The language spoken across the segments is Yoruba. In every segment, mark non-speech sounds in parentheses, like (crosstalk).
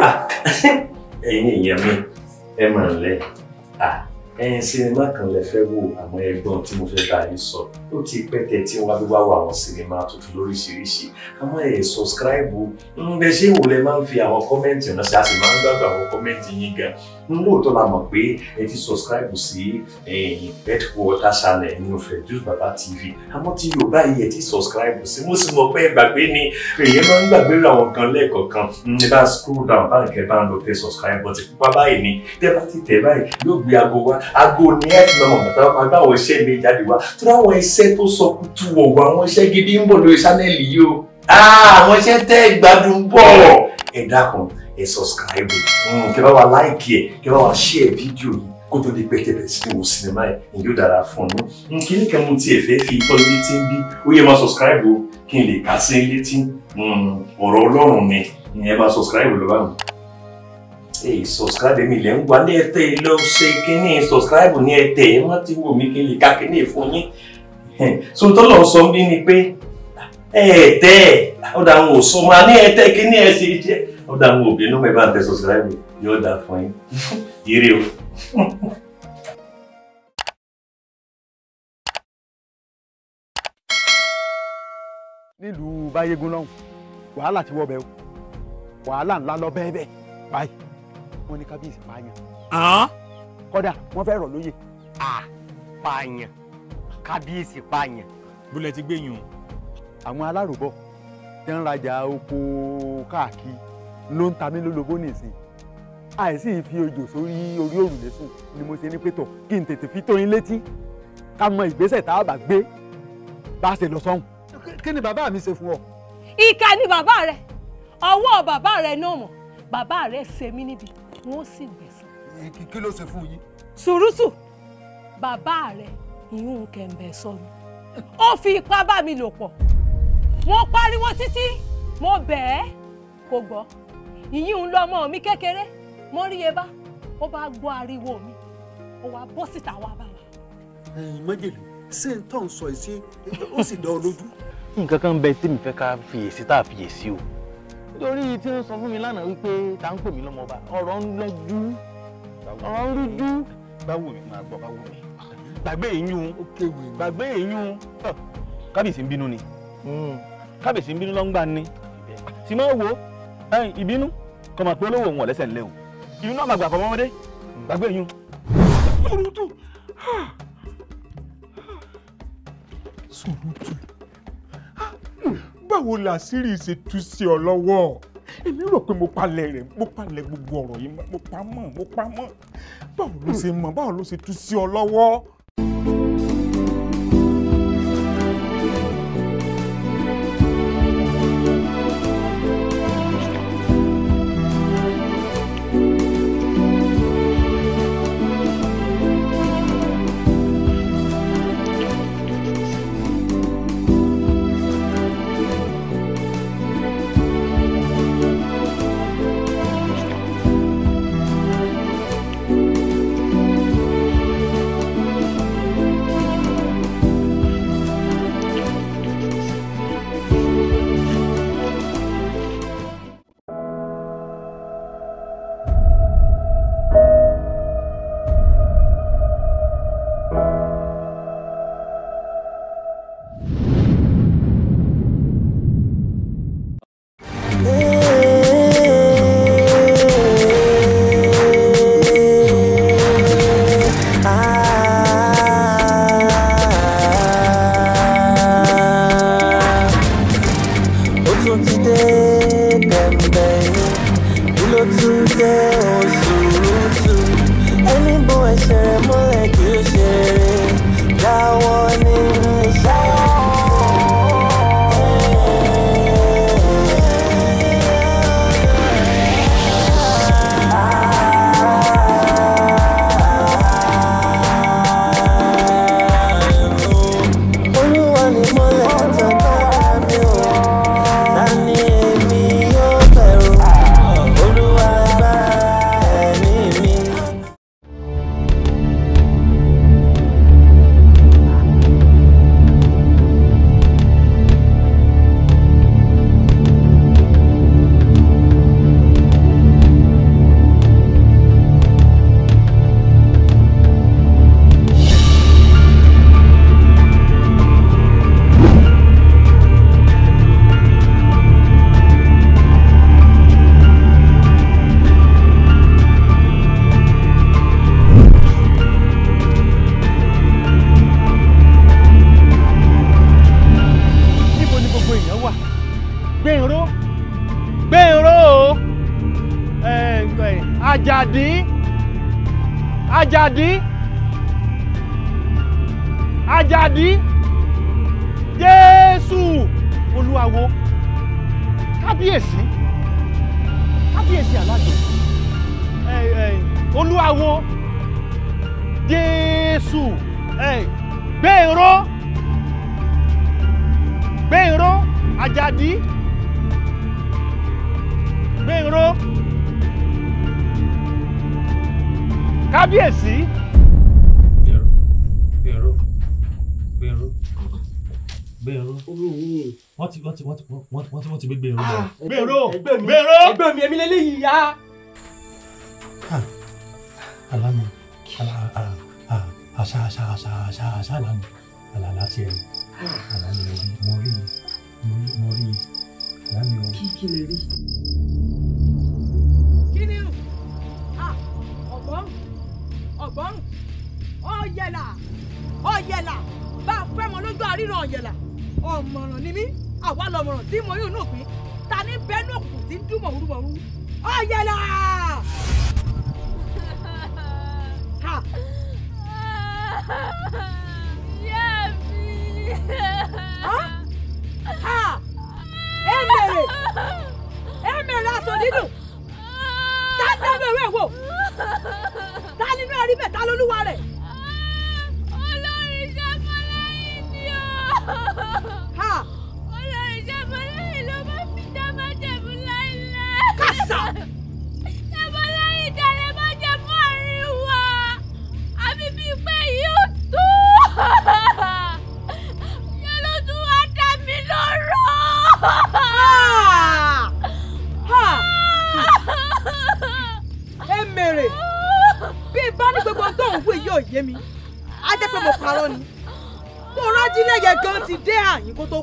Ah, (laughs) ẹ̀yin ìyá mi ẹ máa ń lẹ. Ah ẹyin sinimá kan lè fẹ́ wo àwọn ẹ̀gbọ́n tí mo fẹ́ bá yín sọ ó ti pẹ́tẹ́ tí wọ́n wá wo àwọn sinimá tuntun lóríṣiríṣi àmọ́ ẹ̀ sọ̀scribe ǹbẹ̀ ṣé ìwò lẹ máa ń fi àwọn kọ́mẹ́ǹtì ránṣẹ́ a sì máa ń gbàgbọ́ àwọn kọ́mẹ́ǹtì yín gan lóòótọ́ la mọ̀ pé ẹ ti sọ̀scribe sí headquarter channel ní ọ̀fẹ́ Fejosbaba baba tv àmọ́ tí yorùbá yìí ẹ ti sọ̀scribe sí mo sì mọ̀ pé ẹ gbàgbé ni èyí máa ń gbàgbé àwọn kan lẹ́ẹ̀kọ̀ọ̀kan ẹ bá scroll down báńkì ẹ bá ń lọ tẹ sọ̀scribe bọ́tì pípa báyìí ni tẹ bá ti tẹ báyìí yóò gbé aago wá aago ní ẹ fi máa mọ̀ pàtàkì báwọn iṣẹ́ mi jáde wá tó dáwọn iṣẹ́ tó sọ kutu wọ̀wọ̀ àwọn iṣẹ́ gidi ń bọ̀ lórí ṣánẹ́ẹ̀lì yìí o ah, àwọn iṣẹ́ tẹ́ ìgbádùn bọ̀ ẹ dákun ẹ sọ̀sìkàìbù hmm, kí bá wa láìkì ẹ kí bá wa ṣe fídíò yìí kó tó di pẹ́tẹ́pẹ́ sí wo sinimá ẹ̀ ní yóò dára fún un hmm, kí ní kan mo tiẹ̀ fẹ́ fi tọ́ létí ń bí ó yẹ máa subscribe o kí n lè kà sí létí hmm, ọ̀rọ̀ ọlọ́run mi ìyẹn máa subscribe lọ́wọ́ mi. Hey, subscribe mi lẹ ń wá ní ẹtẹ lọ ṣe kínní subscribe ní ẹtẹ ẹ má ti wò mí kí n lè ka kínní fún yín so tọ́lọ̀ sọ bí ni pé ẹ̀ẹ́tẹ́ ọ̀dà àwọn òsùn máa ní ẹ̀ẹ́tẹ́ kínní ẹ̀ ṣe jẹ́ ọ̀dà àwọn òbí inú mi bá ń tẹ subscribe yóò dà fún yín yírí (laughs) o. (laughs) nílùú báyégún lọ́hùn wàhálà ti wọ́ bẹ́ẹ̀ o wàhálà ńlá lọ bẹ́ẹ̀ bẹ́ẹ̀ báyìí wọ́n ní kábíyèsí pààyàn. kódà wọ́n fẹ́ rọ̀ lóyè. pààyàn kábíyèsí pààyàn. bólẹ̀ ti gbẹ̀yìn o. àwọn alárùbọ̀ tí ń rajà oko káàkiri ló ń ta mí lólobó nìsín àìsí fi ojò sórí orí òrùlé sùn ni mo ṣe ní pẹ́tọ̀ kí n tètè fi tóyin létí ká mọ ìgbésẹ̀ tá a bá gbé bá a ṣe lọ sọ́hùn. kí ni bàbá mi ṣe fún ọ. ìkà ni bàbá rẹ ọwọ́ bàbá rẹ náà mọ̀ bàbá rẹ ṣe mí níbi wọn ó sì gbẹ̀san. kí ló ṣe fún yín. sùrùsù bàbá rẹ ìyún kẹ̀ǹbẹ̀ sọnù ó fi ipá bá mi lò pọ̀ wọ́n pariwo títí mo bẹ̀ ẹ́ kò gbọ́ ìyíhun lọ́mọ mi kékeré mo rí e bá ó bá gbọ́ ariwo mi ó wá bọ́ síta wá bá wa. ẹyin májèlé ṣé n tọ́ ń sọ ẹ ṣe ó sì dán lójú. nǹkan kan bẹ tí mi fẹ́ ká fiyèsí tá a fiyèsí o torí tí ó sọ fún mi lánàá wípé ta ń pè mí lọ́mọba ọ̀rọ̀ ń lọ́jú ọ̀rọ̀ ń rújú. báwo mi máa gbọ́ báwo mi. gbàgbé ìyún gbàgbé ìyún kábíyèsí ń bínú ni hmm. kábíyèsí ń bínú lọ́ngbà ni sì máa wò ìbínú kò mà pé olówó òun ọ̀lẹ́sẹ̀ ńlẹ̀ o ìbínú náà máa gbà fọmọ́ ọmọdé gbàgbé ìyún. sòrútù sòrútù báwo làṣírí ṣe tú sí ọ lọ́wọ́ èmi rò pé mo palẹ̀ rẹ̀ mo palẹ̀ gbogbo ọ̀rọ̀ yìí mo pa mọ́ mo pa mọ́ báwo ló ṣe mọ́ báwo ló ṣe tú sí ọ lọ́wọ́. kí lè rí. ha, ni ọ̀gbọ́n ọ̀gbọ́n ọ̀yẹ̀là ọ̀yẹ̀là bá a fẹ́ mọ lójú àríran ọ̀yẹ̀là ọ̀mọ̀ràn ni mí àwa lọ̀mọ̀ràn tí mo yóò nù pín ta ní bẹ́ẹ̀ ní òkùnkùn tí ń dún mọ̀rúmọ̀rú ha, (laughs) Yẹ́mi ẹ̀mẹ̀rẹ̀ àtò dídùn tá a tẹ́lẹ̀ ìwé wò tá a nínú ẹ̀rí bẹ̀ tá a rẹ̀. yé mi á jẹ́ pé mo parọ́ ni mo rájí lẹ́yẹ gan ti dé àyín kó tó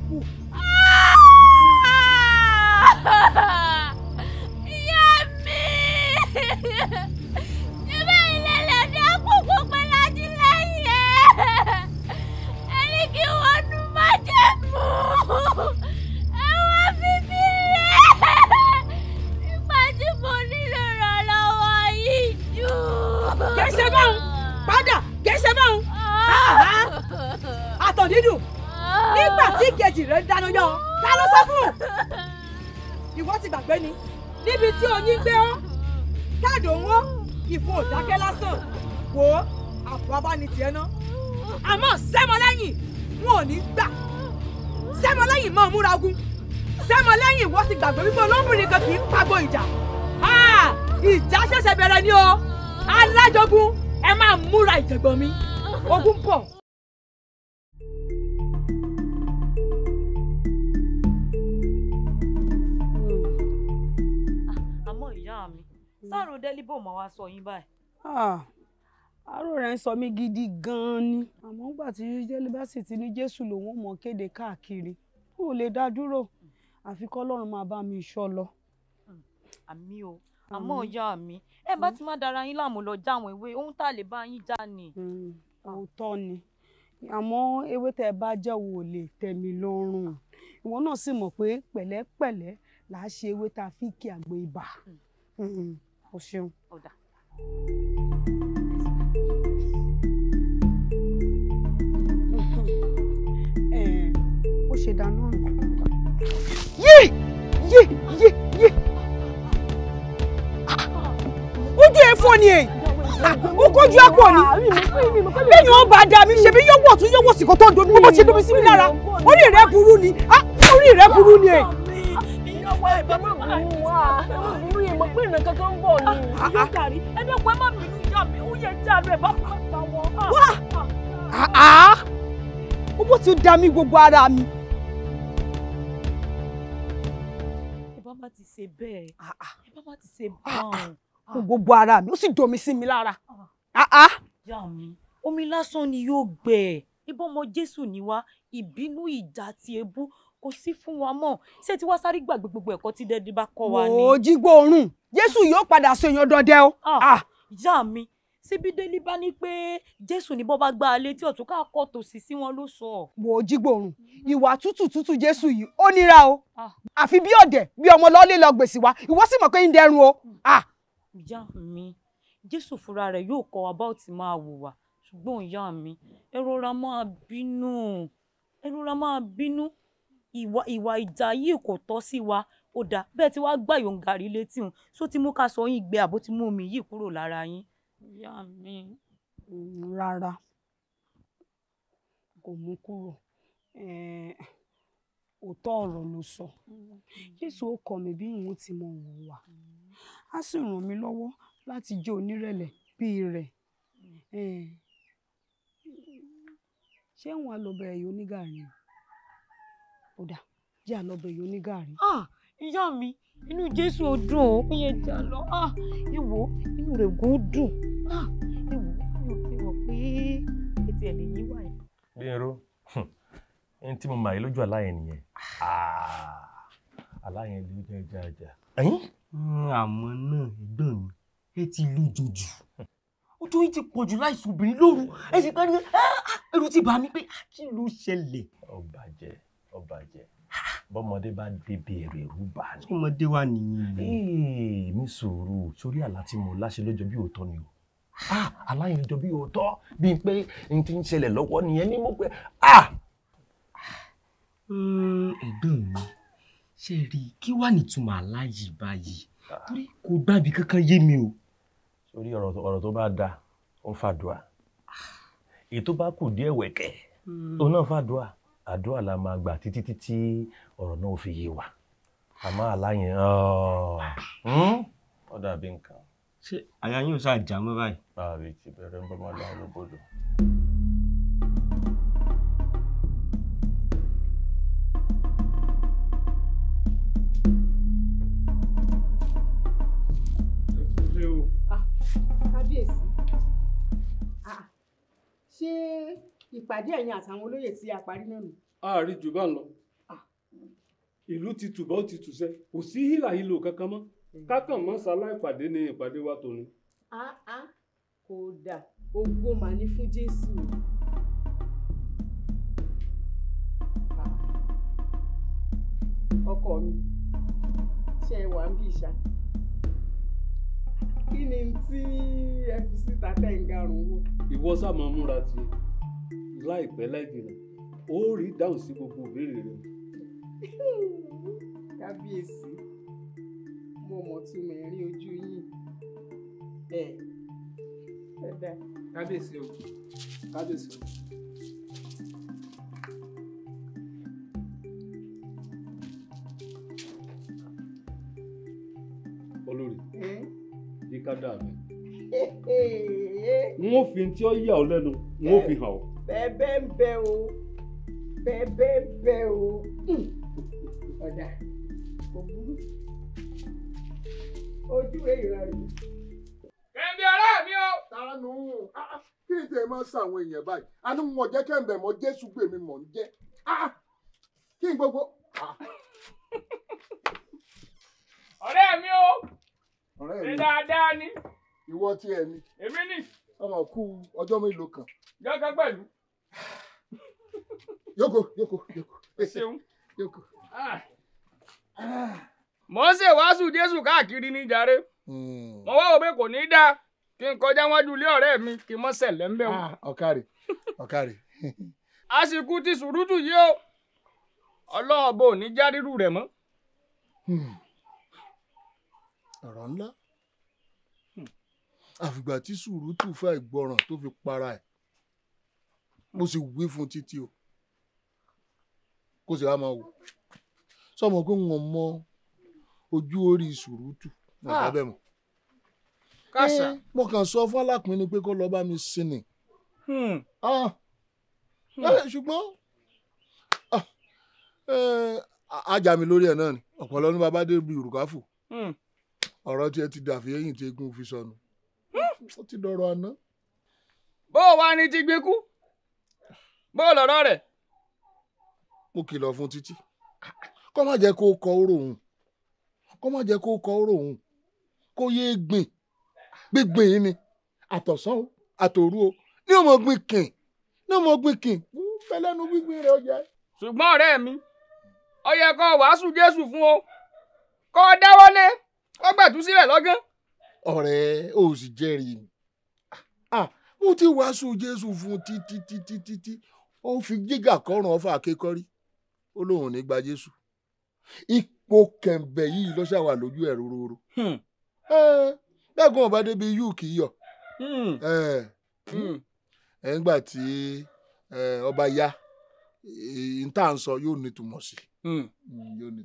ogun bọ̀. Ah, àmọ́ ìyá mi sáàrò délíbò mọ́ wá sọ yín báyìí. àárò ah, rẹ̀ ń sọ mí gidi gan-an ni àmọ́ nígbà tí délíbà sì ti ní jésù lòun ò mọ̀ kéde káàkiri kó o lè dá dúró àfi kọ́lọ́run máa bá mi ṣọ́ lọ. Hmm, àmì o àmọ́ ìyá mi ẹ bá ti má dara yín láàmú lọ jáwọn ìwé ohun tá a lè bá yín já ni. Hmm. Ah. òótọ́ ni àmọ́ ewé tẹ́ ẹ bá jẹ́wọ́ ò lè tẹ̀mí lọ́rùn ìwọ náà sì mọ̀ pé pẹ̀lẹ́pẹ̀lẹ́ là á ṣe ewé ta fi kí àgbo ibà hmm. Hmm, hmm. o ṣeun. ọ̀dà. (laughs) Eh, ó ṣe dáná ọ̀nà. yé yé yé yé ah. ojú ẹ fọ́ ni èyí o kojú àpò ni lẹ́yìn ó bá dà mí ṣe bí yọwọ tún yọwọ sì kó tó domi bó ṣe domi sí mi lára orí rẹ burú ni ah, orí rẹ burú ni ẹ. ìyọwọ ìbá má bínú wa mi gbogbo ara mi. ẹ bá má ti ṣe bẹ́ẹ̀ ah, ah. ẹ bá má ti ṣe bọ́ọ̀n kún ah. gbogbo ara mi ó sì domi sí mi lára. Ah. Ah, yá mi omi lásán ni yóò gbẹ ẹ ibọmọ jésù ni wá ìbínú ìjà àti ebú kò sí fún wa mọ́ ṣé tí wàá sáré gbàgbé gbogbo ẹ̀kọ́ tí dẹdí bá kọ́ wa ni. òòjì gbóòórùn jésù yóò padà sọ èèyàn dọdẹ o. yá mi síbi délé bá ní pé jésù ní bọ́ bá gba alẹ́ tí ọ̀tún ká kọ́ tòsí sí wọn ló sọ. wò ó jí gbòòrùn mm-hmm. ìwà tútù tútù jésù yìí ó nira o àfi bí ọ̀dẹ̀ bí ọmọ lọ́ọ́lé lọ gbèsè wa ìwọ sì mọ̀ pé ń dẹrùn o. Mm. Ah ìyá mi jésù fúnra rẹ̀ yóò kọ́ wa bá ò ti máa hùwà ṣùgbọ́n ìyá mi ẹ rọra máa bínú ẹ rọra máa bínú ìwà ìwà ìjà yìí kò tọ́ sí wa ó dáa bẹ́ẹ̀ tí wàá gbà yòǹgà rí létí òun só ti mú ká sọ yín gbé àbó ti mú omi yìí kúrò lára yín ìyá mi. rárá kò mú kúrò. òótọ́ ọ̀rọ̀ ló sọ jésù mi bí ti mọ òun wà á sì ràn mí lọ́wọ́ láti jẹ́ onírẹ̀lẹ̀ bíi rẹ̀ ṣé wọn á lọ bẹ̀rẹ̀ yìí onígàrí ó jẹ́ àlọ́bẹ̀ yìí ìyá mi inú jésù ò dùn ó inú gùn dùn mi pé ètò lè yí bí ẹni tí mo mà yí lójú aláyẹn nìyẹn aláyẹn ah, ló jẹ jaja. Hmm, àmọ́ náà ẹ̀gbọ́n mi ẹ ti lu jòjò ojú yìí ti pọ̀ jù láìsùn obìnrin lóru ẹ sì pẹ́ẹ́ni ah, ah, ẹrù ti bà mí pé kí ló ṣẹlẹ̀. ọba jẹ ọba jẹ bọ́mọdé bá débi èrè ẹrú bá ní. ọmọdé wa nìyí. mi sòrò sórí àlá tí mo láṣẹ lójọ bí òótọ́ ni o aláyẹn jọ bí òótọ́ bíi pé n ti ń ṣẹlẹ̀ lọ́wọ́ nìyẹn ni mo pé ah. Hmm, ẹ̀gbọ́n mi ṣe rí i kí wàá nìtumọ̀ aláyè báyìí ah. torí kò gbàbí kankan yé mi o. sórí ọ̀rọ̀ tó bá da ó fàdùà ah. èyí tó bá kù díẹ̀ wẹ̀kẹ́ hmm. òun náà fàdùà àdúrà la máa gbà títí títí ọ̀rọ̀ náà ò fi yé wa àmọ́ aláyẹn hmm? ó dàbí nǹkan. ṣé àyà yín ò sáà jà mọ́ báyìí. báyìí ti bẹ̀rẹ̀ ń bọ́ máa lọ́wọ́ lóbodò. ìpàdé ẹ̀yin àtàwọn olóyè tí a parí náà nù. a rí jù bá ń lọ ah. ìlú ti tùbọ̀ ti tùṣẹ́ kò sí hílàhílò kankan mọ́ kákan mọ́ sálá ìpàdé ní ìpàdé wa tòní. kódà ògo mà ní fún Jésù. Ah. ọkọ mi ṣe wà ń bí ìṣá kí ni tí ẹ fi síta tẹ̀ ń garun wò. ìwọ sá máa múra tiẹ̀ láìpẹ́ láìjìnà ó rí dáhùn sí gbogbo ìbéèrè rẹ. (laughs) kábíyèsí mo mọ̀ tí mo rí ojú yín ẹ ẹ dá. kábíyèsí o kábíyèsí o. olórí yíká dáa mi. (laughs) n ó fi tí ó yà ọ́ lẹ́nu n ó fi hàn ọ́ bẹ́ẹ̀bẹ́ ń bẹ o bẹ́ẹ̀bẹ́ ń bẹ o hmm. ọ̀dà kò burú ojú èèyàn rẹ̀. kẹ́ńbẹ́ ọ̀rẹ́ mi o. tánú ah, ah, kí ni tèmi máa ń sa èèyàn báyìí àní wọn jẹ́ kẹ́ńbẹ́ mọ́ jésù gbèmí mọ̀ ń jẹ́ ah, kí n gbogbo. ọ̀rẹ́ mi o ọ̀rẹ́ mi ṣe dáadáa ni. ìwọ tí ẹ ní. èmi ni. ọmọ kú ọjọ́ mélòó kan. jọ́kẹ́ pẹ̀lú yoko yoko yoko. o um. yoko. Ah. mo ń ṣe wàásù jésù káàkiri ní jàre. Hmm. mo wá wò pé kò ní í dá kí n kọjá wájú ilé ọ̀rẹ́ mi kí n mọ́ ṣẹlẹ̀ ń bẹ̀ wò. Ah, ọ̀kàrì ọ̀kàrì. àsìkò ti sùrùtù yìí o ọlọ́ọ̀bọ ò ní járírù rẹ̀ mọ́. Hmm. ọ̀rọ̀ ńlá hmm. àfìgbà tí sùrùtù fà ìgbọràn tó fi para ẹ̀ mo sì wí fún títí o kó sì wá máa wò sọmọ pé wọn mọ ojú orí sùrùtù ọgá ah. bẹ́ẹ̀ mọ. kásá. Eh, mo kàn sọ fún alápín ni pé kó lọ bá mi sinmi. Hmm. Ah. Hmm. Eh, ṣùgbọ́n ajá ah, eh, mi lórí ẹ̀ náà ni ọ̀pọ̀lọ́ ní bàbá dé ibi òrùkáfò hmm. ọ̀rọ̀ tiẹ̀ ti dàbí ẹ̀yìn tí eégún fi sọnù ó ti dọ̀rọ̀ àná. bó o wá ní ti gbé kú bó lọ̀rọ̀ rẹ̀. mo kìlọ̀ fún títí kó má jẹ́ kó kọ oró òun kó má jẹ́ kó kọ oró òun kó yéé gbìn gbígbìn yìí ni àtọ̀sán o àtòru o ní ọmọ gbìn kìn ní ọmọ gbìn kìn fẹlẹ́nu gbígbìn rẹ̀ ó jẹ́. ṣùgbọ́n ọ̀rẹ́ mi ó yẹ kó wàásù Jésù fún o kó dáwọ́lé kó gbẹ̀tú sílẹ̀ lọ́gán. ọ̀rẹ́ o sì jẹ́rìí mi ah, mo ti wàásù Jésù fún títí títí títí ó ń fi gíga kọrùn ọfà akékọrí ó lóun ò ní gba jésù ipò kẹ̀ǹbẹ̀ yìí ló ṣàwà lójú ẹ̀ hmm. bẹ́ẹ̀gùn ọba débi yìí kì í yọ hmm. ẹ̀ǹgbà hmm. tí ọba ya n yóò nítumọ̀ sí. ni wo rí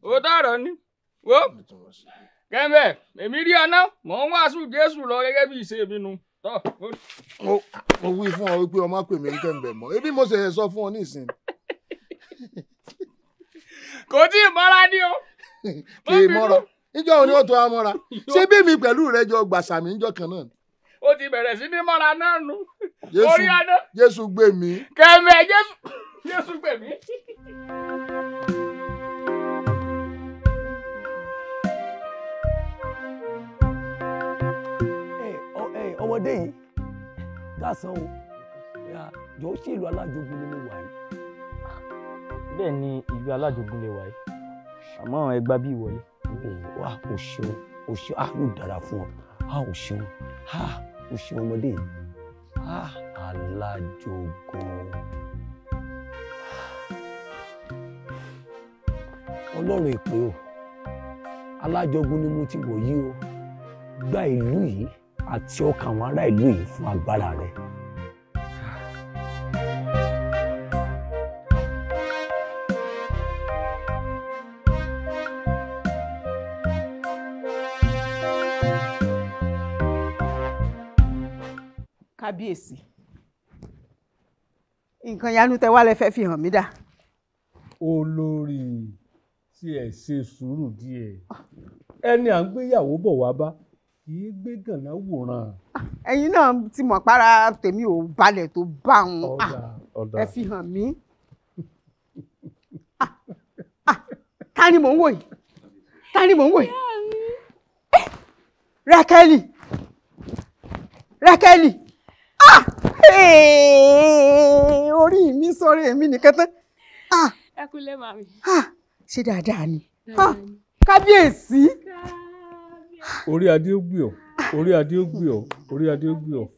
ọ mò ń wàásù jésù lọ gẹ́gẹ́ bí ìṣe mi mo wí fún ọ wípé ọmọ pè mí ní kẹ́ńbẹ̀ mọ́ ebi mo ṣẹ̀ṣẹ̀ sọ fún ọ ní ìsìn. kò tí ì mọ́ra ní o. (laughs) kì í mọ́ra níjọ́ òní ó tó a mọ́ra ṣé bí mi pẹ̀lú rẹ jọ gbàsàmì níjọ́ kan náà ni ó ti bẹ̀rẹ̀ sí ní mọ́ra náà nù. Jésù gbé mi. kẹ̀mẹ́ Jésù gbé mi. wọn dé yìí kásán o jọ ṣe ìlú alájogun ni mo wà yìí. bẹ́ẹ̀ ni ìlú alájogun lè wà yìí àmọ́ ẹ gba bí ìwọlé. wà ó ṣeun ó ṣeun á yóò dára fún ọ á ó ṣeun á ó ṣeun ọmọdé yìí á alájogun. ọlọ́run èpè o alájogun ni mo ti wò yí o gba ìlú yìí àti ọkàn àwọn ará ìlú yìí fún agbára rẹ. kábíyèsí nǹkan yanu tẹ wá lẹ fẹ́ fi hàn mí dà. olórí tí ẹ ṣe sùúrù díẹ̀ ẹni à ń gbéyàwó bọ̀ wá bá kì í gbé gànà wòran. Ah, ẹ̀yin náà ti mọ̀ para tèmi ò balẹ̀ tó bá wọn ah, ẹ fi hàn mí. ká ah, ni mò ń wò yìí ká ni mò ń wò yìí eh, Rákẹ́lì Rákẹ́lì orí mi sọ̀rọ̀ èmi nìkan tán. ẹ kúlẹ̀ màmí. ṣé dáadáa ni kábíyèsí. káà orí adé ó gbé ọ orí adé ó gbé ọ orí adé ó gbé ọ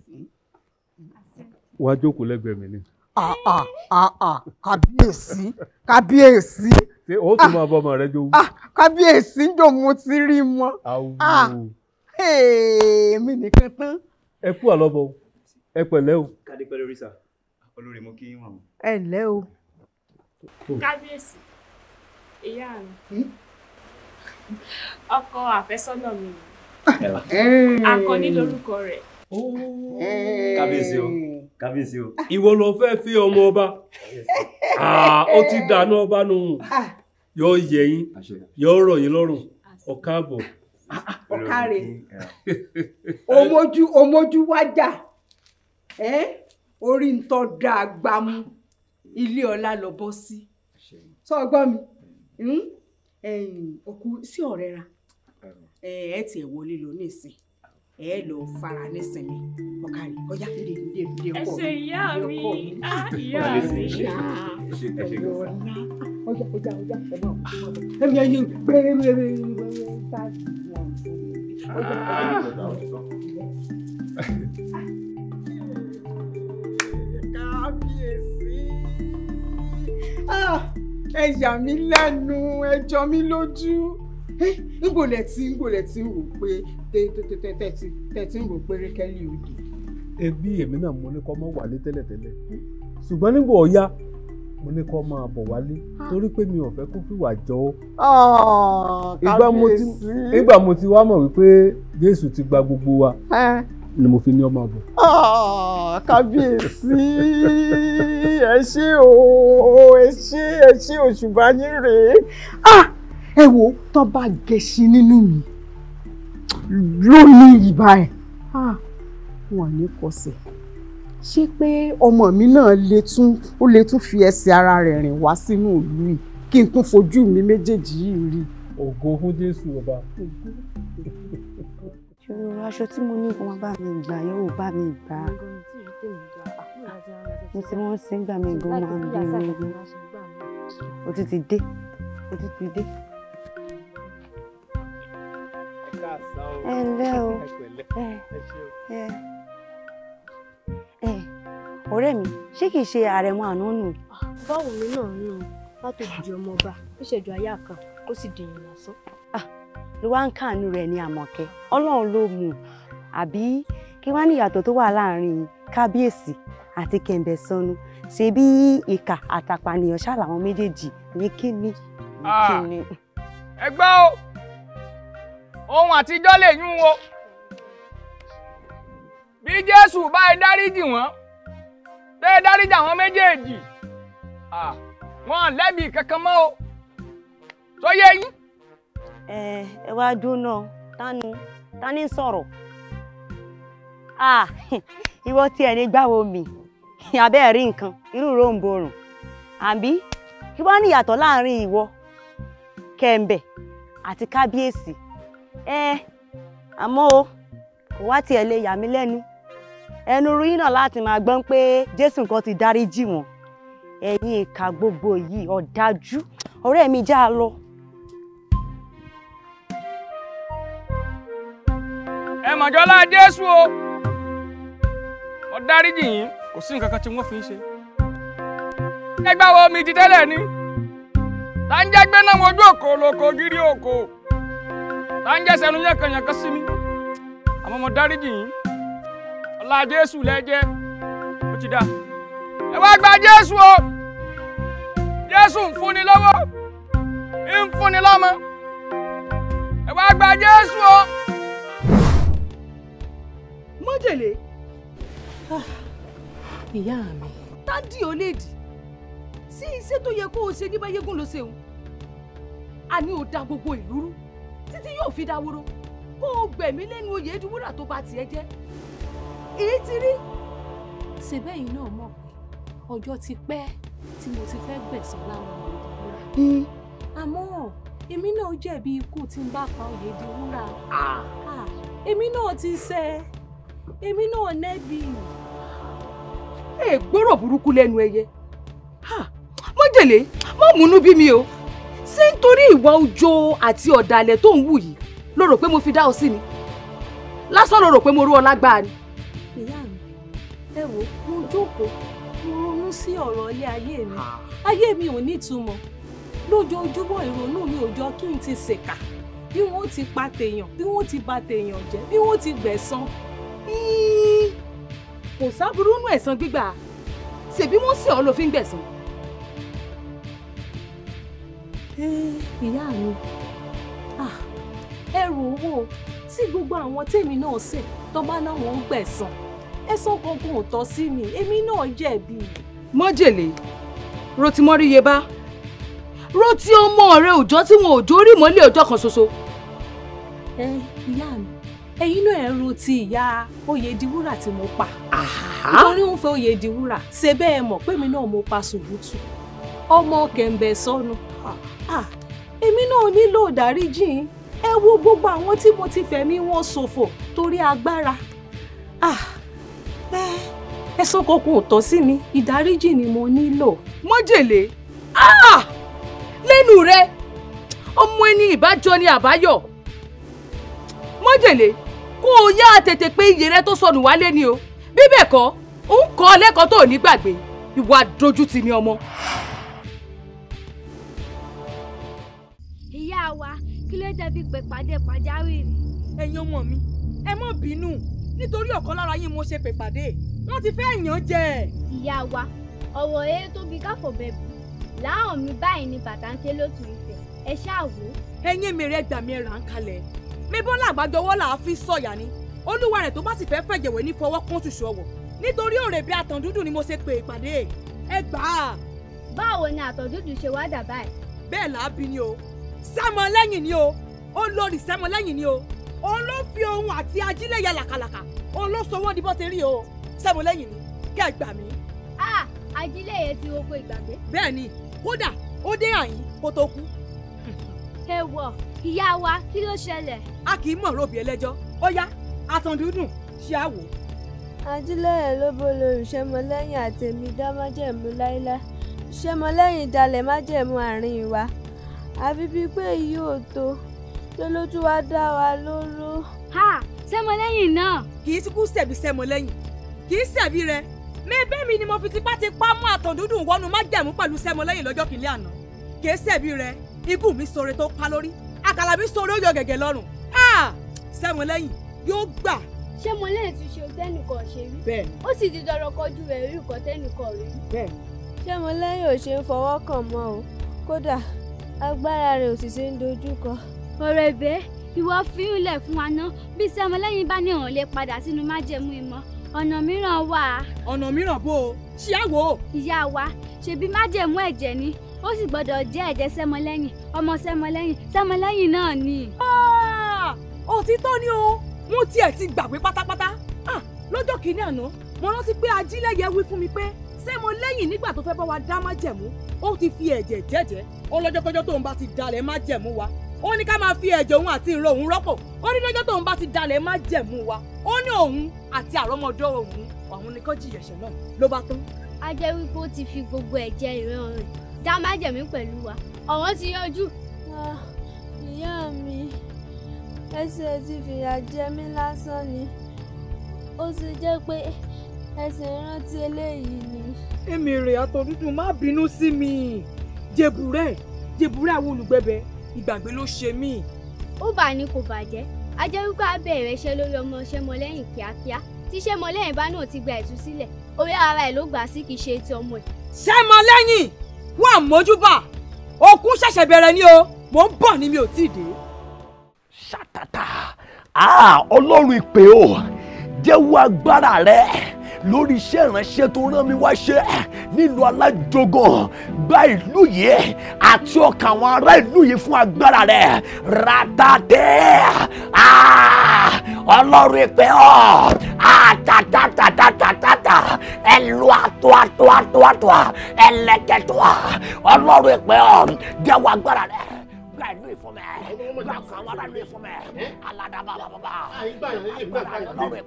wàá jókòó lẹ́gbẹ̀ẹ́ mi ni. Ah, ah, ah, kábíyèsí kábíyèsí. ṣé o tún máa bọ ọmọ rẹ jowú. kábíyèsí jò mo ti rí mọ. awo. èmi nìkan tán. ẹ kú àlọ́bọ ẹ pẹ̀lẹ́ o. kádé pẹ̀lú oríṣà olórí mo kí yín ẹ ǹlẹ́ o. kábíyèsí ìyá mi. Hmm? ọkọ àfẹ́sọ́nà mi akọni lórúkọ rẹ̀. kábíyèsí o kábíyèsí o. ìwọ ló fẹ́ fi ọmọ ọba ah, ó ti dànù ọba nù ah. yóò yẹ yín yóò rọ̀ yín lọ́rùn ọ̀káàbọ̀. ọ̀kàrè òmójú òmójú wájà orí ń tọ́ da gbámú ilé ọlá lọ bọ́ sí sọ ọgbọ́n mi òkú sí ọ̀rẹ́ ra ẹ tiẹ̀ wọlé lọ nísìn ẹ lọ fara nísinmi ọkàrí ọjà nílé nílé nílé ọkọ mi ẹsẹ ìyá mi ìyá mi ọjà ọjà ọjà ẹ máa ẹ máa yẹ gbẹrẹgbẹrẹ tá a ti wọn ọjà ọjà. kábíyèsí ẹ yà mí lẹ́nu ẹ jọ mí lójú ngbòlẹ̀ tí ngbòlẹ̀ tí ń rò pé tẹ̀tí ń rò pé rékẹ́lì òde. ẹbí èmi náà mo ní kọ́ mọ́ wálé tẹ́lẹ̀tẹ́lẹ̀ ṣùgbọ́n nígbà ọ̀ya mo ní kọ́ máa bọ̀ wálé ah. torí pé mi ò fẹ́ kó fìwà jọ ọ́. ìgbà mo ti wá mọ̀ wípé Jésù ti gba gbogbo wa. Eh ni mo fi ní ọmọ àbọ̀. Ah, kábíyèsí ẹ ṣé o ẹ ṣé ẹ ṣé òṣùbà yín rèé ah, ẹ wo tó bá gẹṣin nínú mi lónìí ìbá ẹ wọn ní kọsẹ̀ ṣé pé ọmọ mi náà lè tún ó lè tún fi ẹsẹ̀ ara rẹ̀ rìn wá sínú ìlú yìí kí n tún fojú mi méjèèjì yìí rí. ògo fún jésù ọba. (laughs) ṣòro aṣọ tí mo ní ìgbọ́n bá mi gbà yóò bá mi gbà á mo ti wọ́n sí gbà mí gan máa ń bí mi o ti ti dé o ti ti dé. ẹ ǹlẹ́ o ẹ ẹ ọ̀rẹ́ mi ṣé kìí ṣe àrẹ̀mọ àná nù. Ah, báwo ni náà ń látòjì ọmọ ọba ó ṣèjọ ayé àkàn ó sì dèyìn lásán ló wá ń kàánú rẹ̀ ní àmọ̀kẹ́ ọlọ́run ló mú un àbí kí wọ́n ní ìyàtọ̀ tó wà láàrin kábíyèsí àti kẹ̀ǹbẹ̀ sọnù ṣe bí ìkà àtàpànìyàn ṣáà làwọn méjèèjì ní kíni ní ah, o ohun àtijọ́ lè yún o bí jésù báyìí dáríjì wọ́n tẹ́ ẹ dáríjì àwọn méjèèjì ah, wọ́n lẹ́bi kankan mọ́ o tó yé yín. Eh, ẹ wá dúná tánu tání sọ̀rọ̀ (laughs) ìwọ tí ẹni gbáwo mi (laughs) abẹ́ rí nǹkan irú ròǹborùn àbí kí wọ́n ní ìyàtọ̀ láàrin ìwọ Kẹ̀m̀bẹ̀ àti kábíyèsí ẹ àmọ́ o kò wá tiẹ̀ lè yà mí lẹ́nu ẹnu rú yín náà láti máa gbọ́n pé jésù nǹkan ti dáríjì wọ́n ẹ̀yin ìka gbogbo yìí ọ̀dájú ọ̀rẹ́ mi já a lọ. mọ̀jọ́lá jésù o mo dáríjì yín kò sí nǹkan kan tí wọ́n fi ń ṣe. ẹgbẹ́ wo mi ti tẹ́lẹ̀ ni táǹjẹ́ gbé náà mojú òkò lóko gírí òkò táǹjẹ́ sẹ́nu yànkanyànkan sí mi àmọ́ mo dáríjì yín ọlá jésù lẹ́jẹ́ ó ti dá ẹ wá gba jésù o jésù ń fúnni lọ́wọ́ ń fúnni lọ́mọ ẹ wá gba jésù o májèlé. Ah, ìyá mi. tádì ò lè dì sí iṣẹ́ tó yẹ kó o ṣe ní báyégún ló ṣeun a ní o da gbogbo ìlú rú títí yóò fi dáwóró kó o gbẹ̀mí lẹ́nu oyè ìdúwúrà tó bá tiẹ̀ jẹ́ èyí ti rí. ṣèbẹ́yìn náà mọ̀ pé ọjọ́ ti pẹ́ tí mo ti fẹ́ gbẹ̀san láwọn oyè ìdúwúrà hmm. àmọ́ èmi náà jẹ̀bi ikú tí n bá pa oyè ìdúwúrà ah. ah, èmi náà ti ṣẹ̀ èmi náà nẹ́bi. ẹ gbọ́rọ̀ burúkú lẹ́nu ẹyẹ májèlé má múnú bí mi o ṣé nítorí ìwà òjò àti ọ̀dàlẹ̀ tó ń wù yìí ló rò pé mo fi dá ọ sí ni lásán ló rò pé mo rú ọ lágbára ni. ìyá mi ẹ wo mo jókòó mo ronú sí ọ̀rọ̀ ilé ayé mi ayé mi ò nítumọ̀ lójoojúmọ́ ìrònú mi ò jọ kí n ti ṣèkà bí wọ́n ti pa tèèyàn bí wọ́n ti bà tèèyàn jẹ́ bí wọ́n ti gbẹ̀san kò sábúrú nù ẹ̀san gbígbà ṣèbí wọ́n sì ọ́ ló fi ń gbẹ̀san. ìyá mi ah, ẹrù owó tí gbogbo àwọn tèmi náà ṣe tó bá láwọn ń gbẹ̀san ẹ̀san kankan ò tọ́ sí mi èmi náà jẹ̀bi. májèlé rotimori yeba roti ọmọ rẹ òjọ́ tí wọn ò jórí mọ́lẹ̀ ọjọ́ kan ṣoṣo. ẹ ìyá mi ẹ̀yin náà ẹ ro ti ìyá Oyèdìwúrà tí mo pa nítorí òun fẹ́ Oyèdìwúrà ṣe bẹ́ẹ̀ mọ̀ pé mi náà mo pa ṣùbùtù ọmọ kẹ̀ǹbẹ̀ sọnù èmi náà nílò ìdáríjì ẹ wo gbogbo àwọn tí mo ti fẹ̀mí wọn ṣòfò torí agbára ẹ̀sùn kankan ò tọ́ sí mi ìdáríjì ni mo nílò. májèlé lẹ́nu rẹ ọmọ ẹni ìbájọ ni àbáyọ májèlé kó o yá tètè pé iye rẹ tó sọnù wálé ni o bí bẹ́ẹ̀ kọ́ ń kọ́ lẹ́kọ̀ọ́ tó ní gbàgbé ìwà dojú ti ní ọmọ. ìyá wa kí ló dé fi pè pàdé pàjáwìrì. ẹ̀yin ọmọ mi ẹ má bínú nítorí ọ̀kan lára yín mo ṣe pè pàdé wọ́n ti fẹ́ yàn jẹ. ìyá wa ọ̀rọ̀ eré tó fi káfọ̀ bẹ̀ bù mi báyìí ni bàtà ń ké lótú ìfẹ́ ẹ ṣáà wò. ẹ̀yin mèrè ẹgbàá mi ràn án kalẹ̀ mebọ́n làgbàjọ ọwọ́ là á fi sọ̀yà ni olúwa rẹ̀ tó bá sì fẹ́ẹ́ fẹ̀jẹ̀wé ní fọwọ́ kán ṣùṣù ọwọ́ nítorí òrè bíi àtàn dúdú ni mo ṣe pè ìpàdé ẹ gbà á. báwo ni àtàn dúdú ṣe wá dà báyìí. bẹ́ẹ̀ làábi ni o sẹ́mọ lẹ́yìn ni o olórí sẹ́mọ lẹ́yìn ni o òun ló fi ohun àti ajílẹ̀ ya làkàlàkà òun ló sọ wọ́n di bó ti rí o sẹ́mọ lẹ́yìn ni kẹ́ gbà mí. a ajílẹ̀ yẹn ti roko ìgbàgbé. bẹ́ẹ̀ ni kódà ó dé àyín kó tó kú. ẹ wọ ìyá wa kí ló ṣẹlẹ̀. a kì í mọ̀ róbi ẹlẹ́jọ́ ó yá àtàndúndùn ṣe àwò. ajílẹ̀yẹ̀ ló bó lórí ṣẹmọlẹ́yìn àtẹ̀mí dá májẹ̀mú láíláí ṣẹmọlẹ́yìn dalẹ̀ májẹ̀mú àárín wa àfi bíi pé èyí ò tó ṣé ló tún wá dá wa lóró. ha ṣẹmọlẹ́yìn náà. kì í tún kú ṣẹ̀bi ṣẹmọlẹ́yìn kì í ṣẹ̀bi rẹ mẹ́ẹ̀bẹ́ mi ni mo fi tipátipá mú àtàndúndùn wọnú májẹ̀mú pẹ̀lú ṣẹmọlẹ́yìn lọ́jọ́ kìnínní àná kì í ṣẹ̀bi rẹ ikú mi sọ̀rọ̀ tó pa lórí àkàlàbí sọ olóyè gẹ̀gẹ̀ lọ́rùn sẹ́wọ̀n lẹ́yìn yóò gbà. ṣé mo lẹ́yìn ṣe tẹ́nìkan ṣe rí. bẹ́ẹ̀ ó sì di dandan kọjú rẹ̀ rí nǹkan tẹ́nìkan rí. bẹ́ẹ̀ ṣé mo ò ṣe ń fọwọ́ kàn mọ́ o kódà agbára rẹ̀ ò sì ṣe ń dojúkọ. ọ̀rọ̀ ẹ̀bẹ̀ ìwọ fílẹ̀ fún wa ná bí sẹ́mọlẹ́yìn bá ní òun padà sínú májẹ̀mú ìmọ̀ ọ̀nà mìíràn wà. ọ̀nà mìíràn bó o ṣíyàwó. ìyá wa ṣebí májẹ̀mú ẹ̀jẹ̀ ni ó sì gbọ́dọ̀ jẹ́ ẹ̀jẹ̀ sẹ́mọlẹ́yìn ọmọ sẹ́mọlẹ́yìn sẹ́mọlẹ́yìn náà ni. Ah! òtítọ́ ni o wọ́n tiẹ̀ ti gbàgbé pátápátá ah! lọ́jọ́ kìíní àná mo rántí pé ajílẹ̀yẹ wí fún mi pé sẹ́mọlẹ́yìn nígbà tó fẹ́ bá wa dá májẹ̀mú ó ti fi ẹ̀jẹ̀ jẹ́jẹ́ ọlọ́jọ́kọ́jọ́ tóun bá ti dalẹ̀ májẹ̀mú wa ó ní ká máa fi ẹ̀jẹ̀ òun àti ìró òun rọ́pò ó ní lọ́jọ́ tóun bá ti dalẹ̀ májẹ̀mú wa ó ní òun àti àrọ́mọdọ́ òun àwọn nìkan jìyẹ̀ṣẹ̀ náà ló bá tán. a jẹ́ wípé ó ti fi gbogbo ẹ̀jẹ̀ ìran rẹ̀ dá májẹ̀mí pẹ̀lú wa ọ̀wọ́n ti yọjú. ìyá mi ẹsẹ̀ ti fìyà jẹ mí lásán ni ó ti jẹ́ pé ẹsẹ̀ rántí eléyìí ni. èmi rè àtọ̀ dúdú má bínú sí mi jẹ̀bùrẹ́ jẹ̀bùrẹ́ àwọn olùgbẹ̀bẹ̀ ìgbàgbé ló ṣe mí. ó bà ní kò bàjẹ́ a jẹ́ wípé a bẹ̀rẹ̀ lórí ọmọ ṣẹ́mọlẹ́yìn kíákíá tí ṣẹ́mọlẹ́yìn bá náà ti gba ìtúsílẹ̀ orí ara ẹ̀ ló gbà sí kì í ṣe ti ọmọ ẹ̀. ṣẹ́mọlẹ́yìn wọn àmójúbà òkun ṣẹ̀ṣẹ̀ bẹ̀rẹ̀ ni o mò ń bọ̀ ni mi ò tí ì dé. ṣàtàtà ah, ọlọ́run ìpè o jẹ́wọ́ agbára rẹ̀ lórí iṣẹ́ ìránṣẹ́ tó rán mi wá ṣe nílùú alájogàn gba ìlú yìí àti ọkàn àwọn ará ìlú yìí fún agbára rẹ̀ ratatẹ́ ọlọ́run ìpè ọ́ àtàtàtàtàtàtà ẹlò àtò àtò àtò àtò ẹlẹ́kẹ̀tọ̀ ọlọ́run ìpè ọ́ jẹ́wọ́ agbára rẹ̀ gba ìlú ìfún mẹ gba kan àwọn aráàlú ìfún mẹ aládàbà bàbà agbára lọ́wọ́ ìpẹ́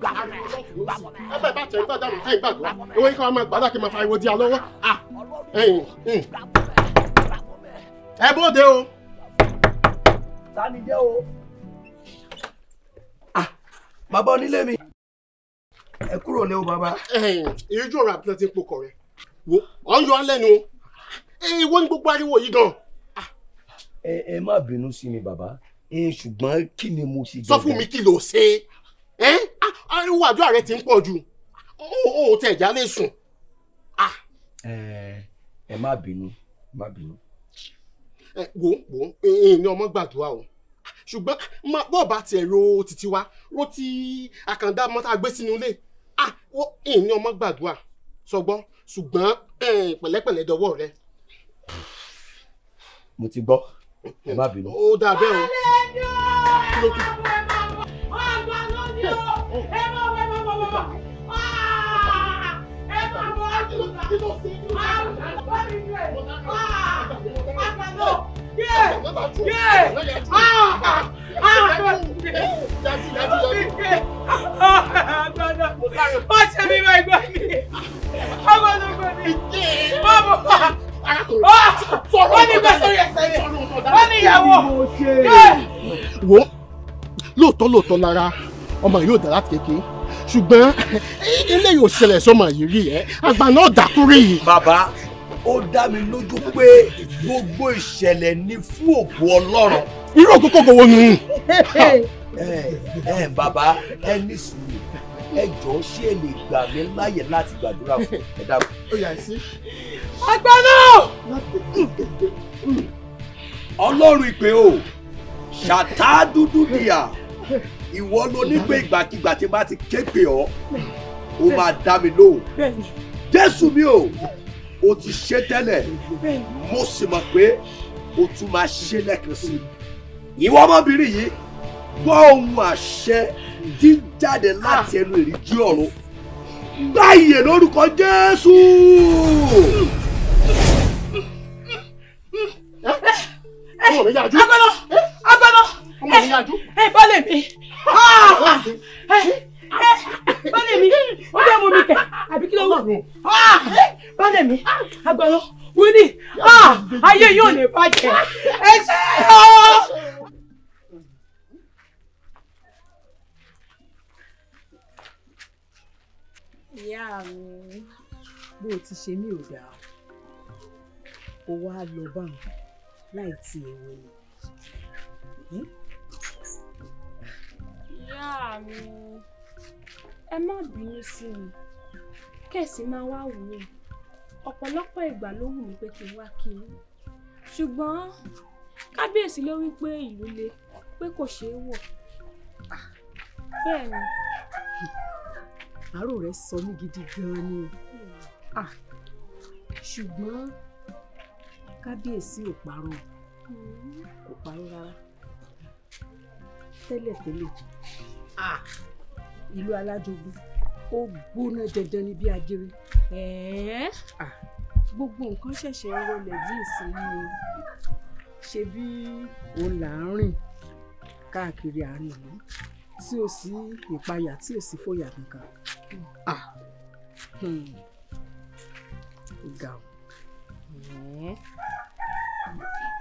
gbà mẹ gbà mọ mẹ. ẹ bá tẹ ẹ bá dàrú ẹ gbàgbọ́ yìí kọ́ máa gbàdá máa fa ìwòdì àlọ́wọ́ bàbá onílé mi ẹ kúrò lé o bàbá. ìrújú ọ̀rọ̀ àbúrò ti ń pokọ̀ rẹ̀ wọ́n yọ alẹ́ nu ìwọ ni gbogbo ariwo yìí gan-an ẹ má bínú sí mi bàbá ṣùgbọ́n kí ni mo ṣe. sọ fún mi kí ló ṣe é ariwo àdúrà rẹ ti ń pọ̀ jù o ò tẹ̀ já lè sùn. ẹ má bínú má bínú. wo wo èèyàn ọmọ gbàdúrà o ṣùgbọ́n bọ́ọ̀ bá tiẹ̀ ro títí wa ro ti àkàndá mọ́tà gbé sínú ilé ah èèyàn ọmọ gbàdúrà sọgbọ́n ṣùgbọ́n pẹ̀lẹ́pẹ̀lẹ́ dọwọ́ rẹ. mo ti gbọ́ ẹ má bínú. ó dà bẹ́ẹ̀ o. ọgbà ló ní o ẹ bá wẹ bá bá bá ẹ bá bọ ọdún àrùn bá mi rẹ àgbà lọ yé yé ó ṣe mi máa gbọ́ mi ọmọ ló gbọ́ mi bàbá arákùnrin. ó ah! ní gbé sórí ẹsẹ̀ rẹ̀ ó ní ìyàwó. wo lóòótọ́ lóòótọ́ lára ọmọ yóò dà láti kékeré ṣùgbọ́n ilé yóò ṣẹlẹ̀ sọmọ yìí rí ẹ àgbà náà dàkúrì. bàbá ó dá mi lójú pé gbogbo ìṣẹ̀lẹ̀ ni fún òkú ọlọ́run. irú òkú kòkòrò nù. ẹ ẹ bàbá ẹ ní sùúrù ẹ jọ̀ọ́ ṣé ẹ lè gbà mí láyè láti gbàdúrà fún ẹ dákun. àgbà náà. ọlọ́run ìpè o ṣàtà dúdú dìyà ìwọ ló ní pé ìgbàkigbà tí bá ti ké pè ọ́ ó máa dá mi lóhùn jésù mi o o ti ṣe tẹ́lẹ̀ mo sì mọ̀ pé o tún máa ṣe lẹ́ẹ̀kan sí i ìwọ ọmọbìnrin yìí gbọ́ ohun àṣẹ tí ń jáde láti ah. ẹnu èrìjú ọ̀run báyìí lórúkọ Jésù. agbọ́nà agbọ́nà ẹ bọ́lẹ̀ mi bọ́lẹ̀ eh, eh, ah. eh, mi ó bẹ́ẹ̀ mú mi tẹ̀ àbí kí ló wù bọ́lẹ̀ mi ah. agbọ́nà wíní ayé yóò lè bàjẹ́ ẹ ṣe é o. ìyá mi. bó o ti ṣe mí ò dáa o wá lọ bá mi láì ti èwe mi. Hmm? ìyá mi ẹ má bínú sí mi kẹ̀sì máa wá wù mí ọ̀pọ̀lọpọ̀ ìgbà ló wù mí pé kí n wá kí n ṣùgbọ́n kábíyèsí ló wí pé ìlú le pé kò ṣeé wọ̀ ah. bẹ́ẹ̀ ni. (laughs) àárò rẹ sọ mí gidi gan ni o ṣùgbọ́n kábíyèsí ò parọ́ kò parọ́ rárá tẹ́lẹ̀tẹ́lẹ̀ ìlú alájogún ó gbóná dandan ní bí ajere gbogbo nǹkan ṣẹ̀ṣẹ̀ ń rọlẹ̀ bí ìsinmi ṣe bí òun là ń rìn káàkiri àárín ìlú tí ò sí ìpayà tí ò sí fòyà kankan ah, ah. Hmm. ìgà o.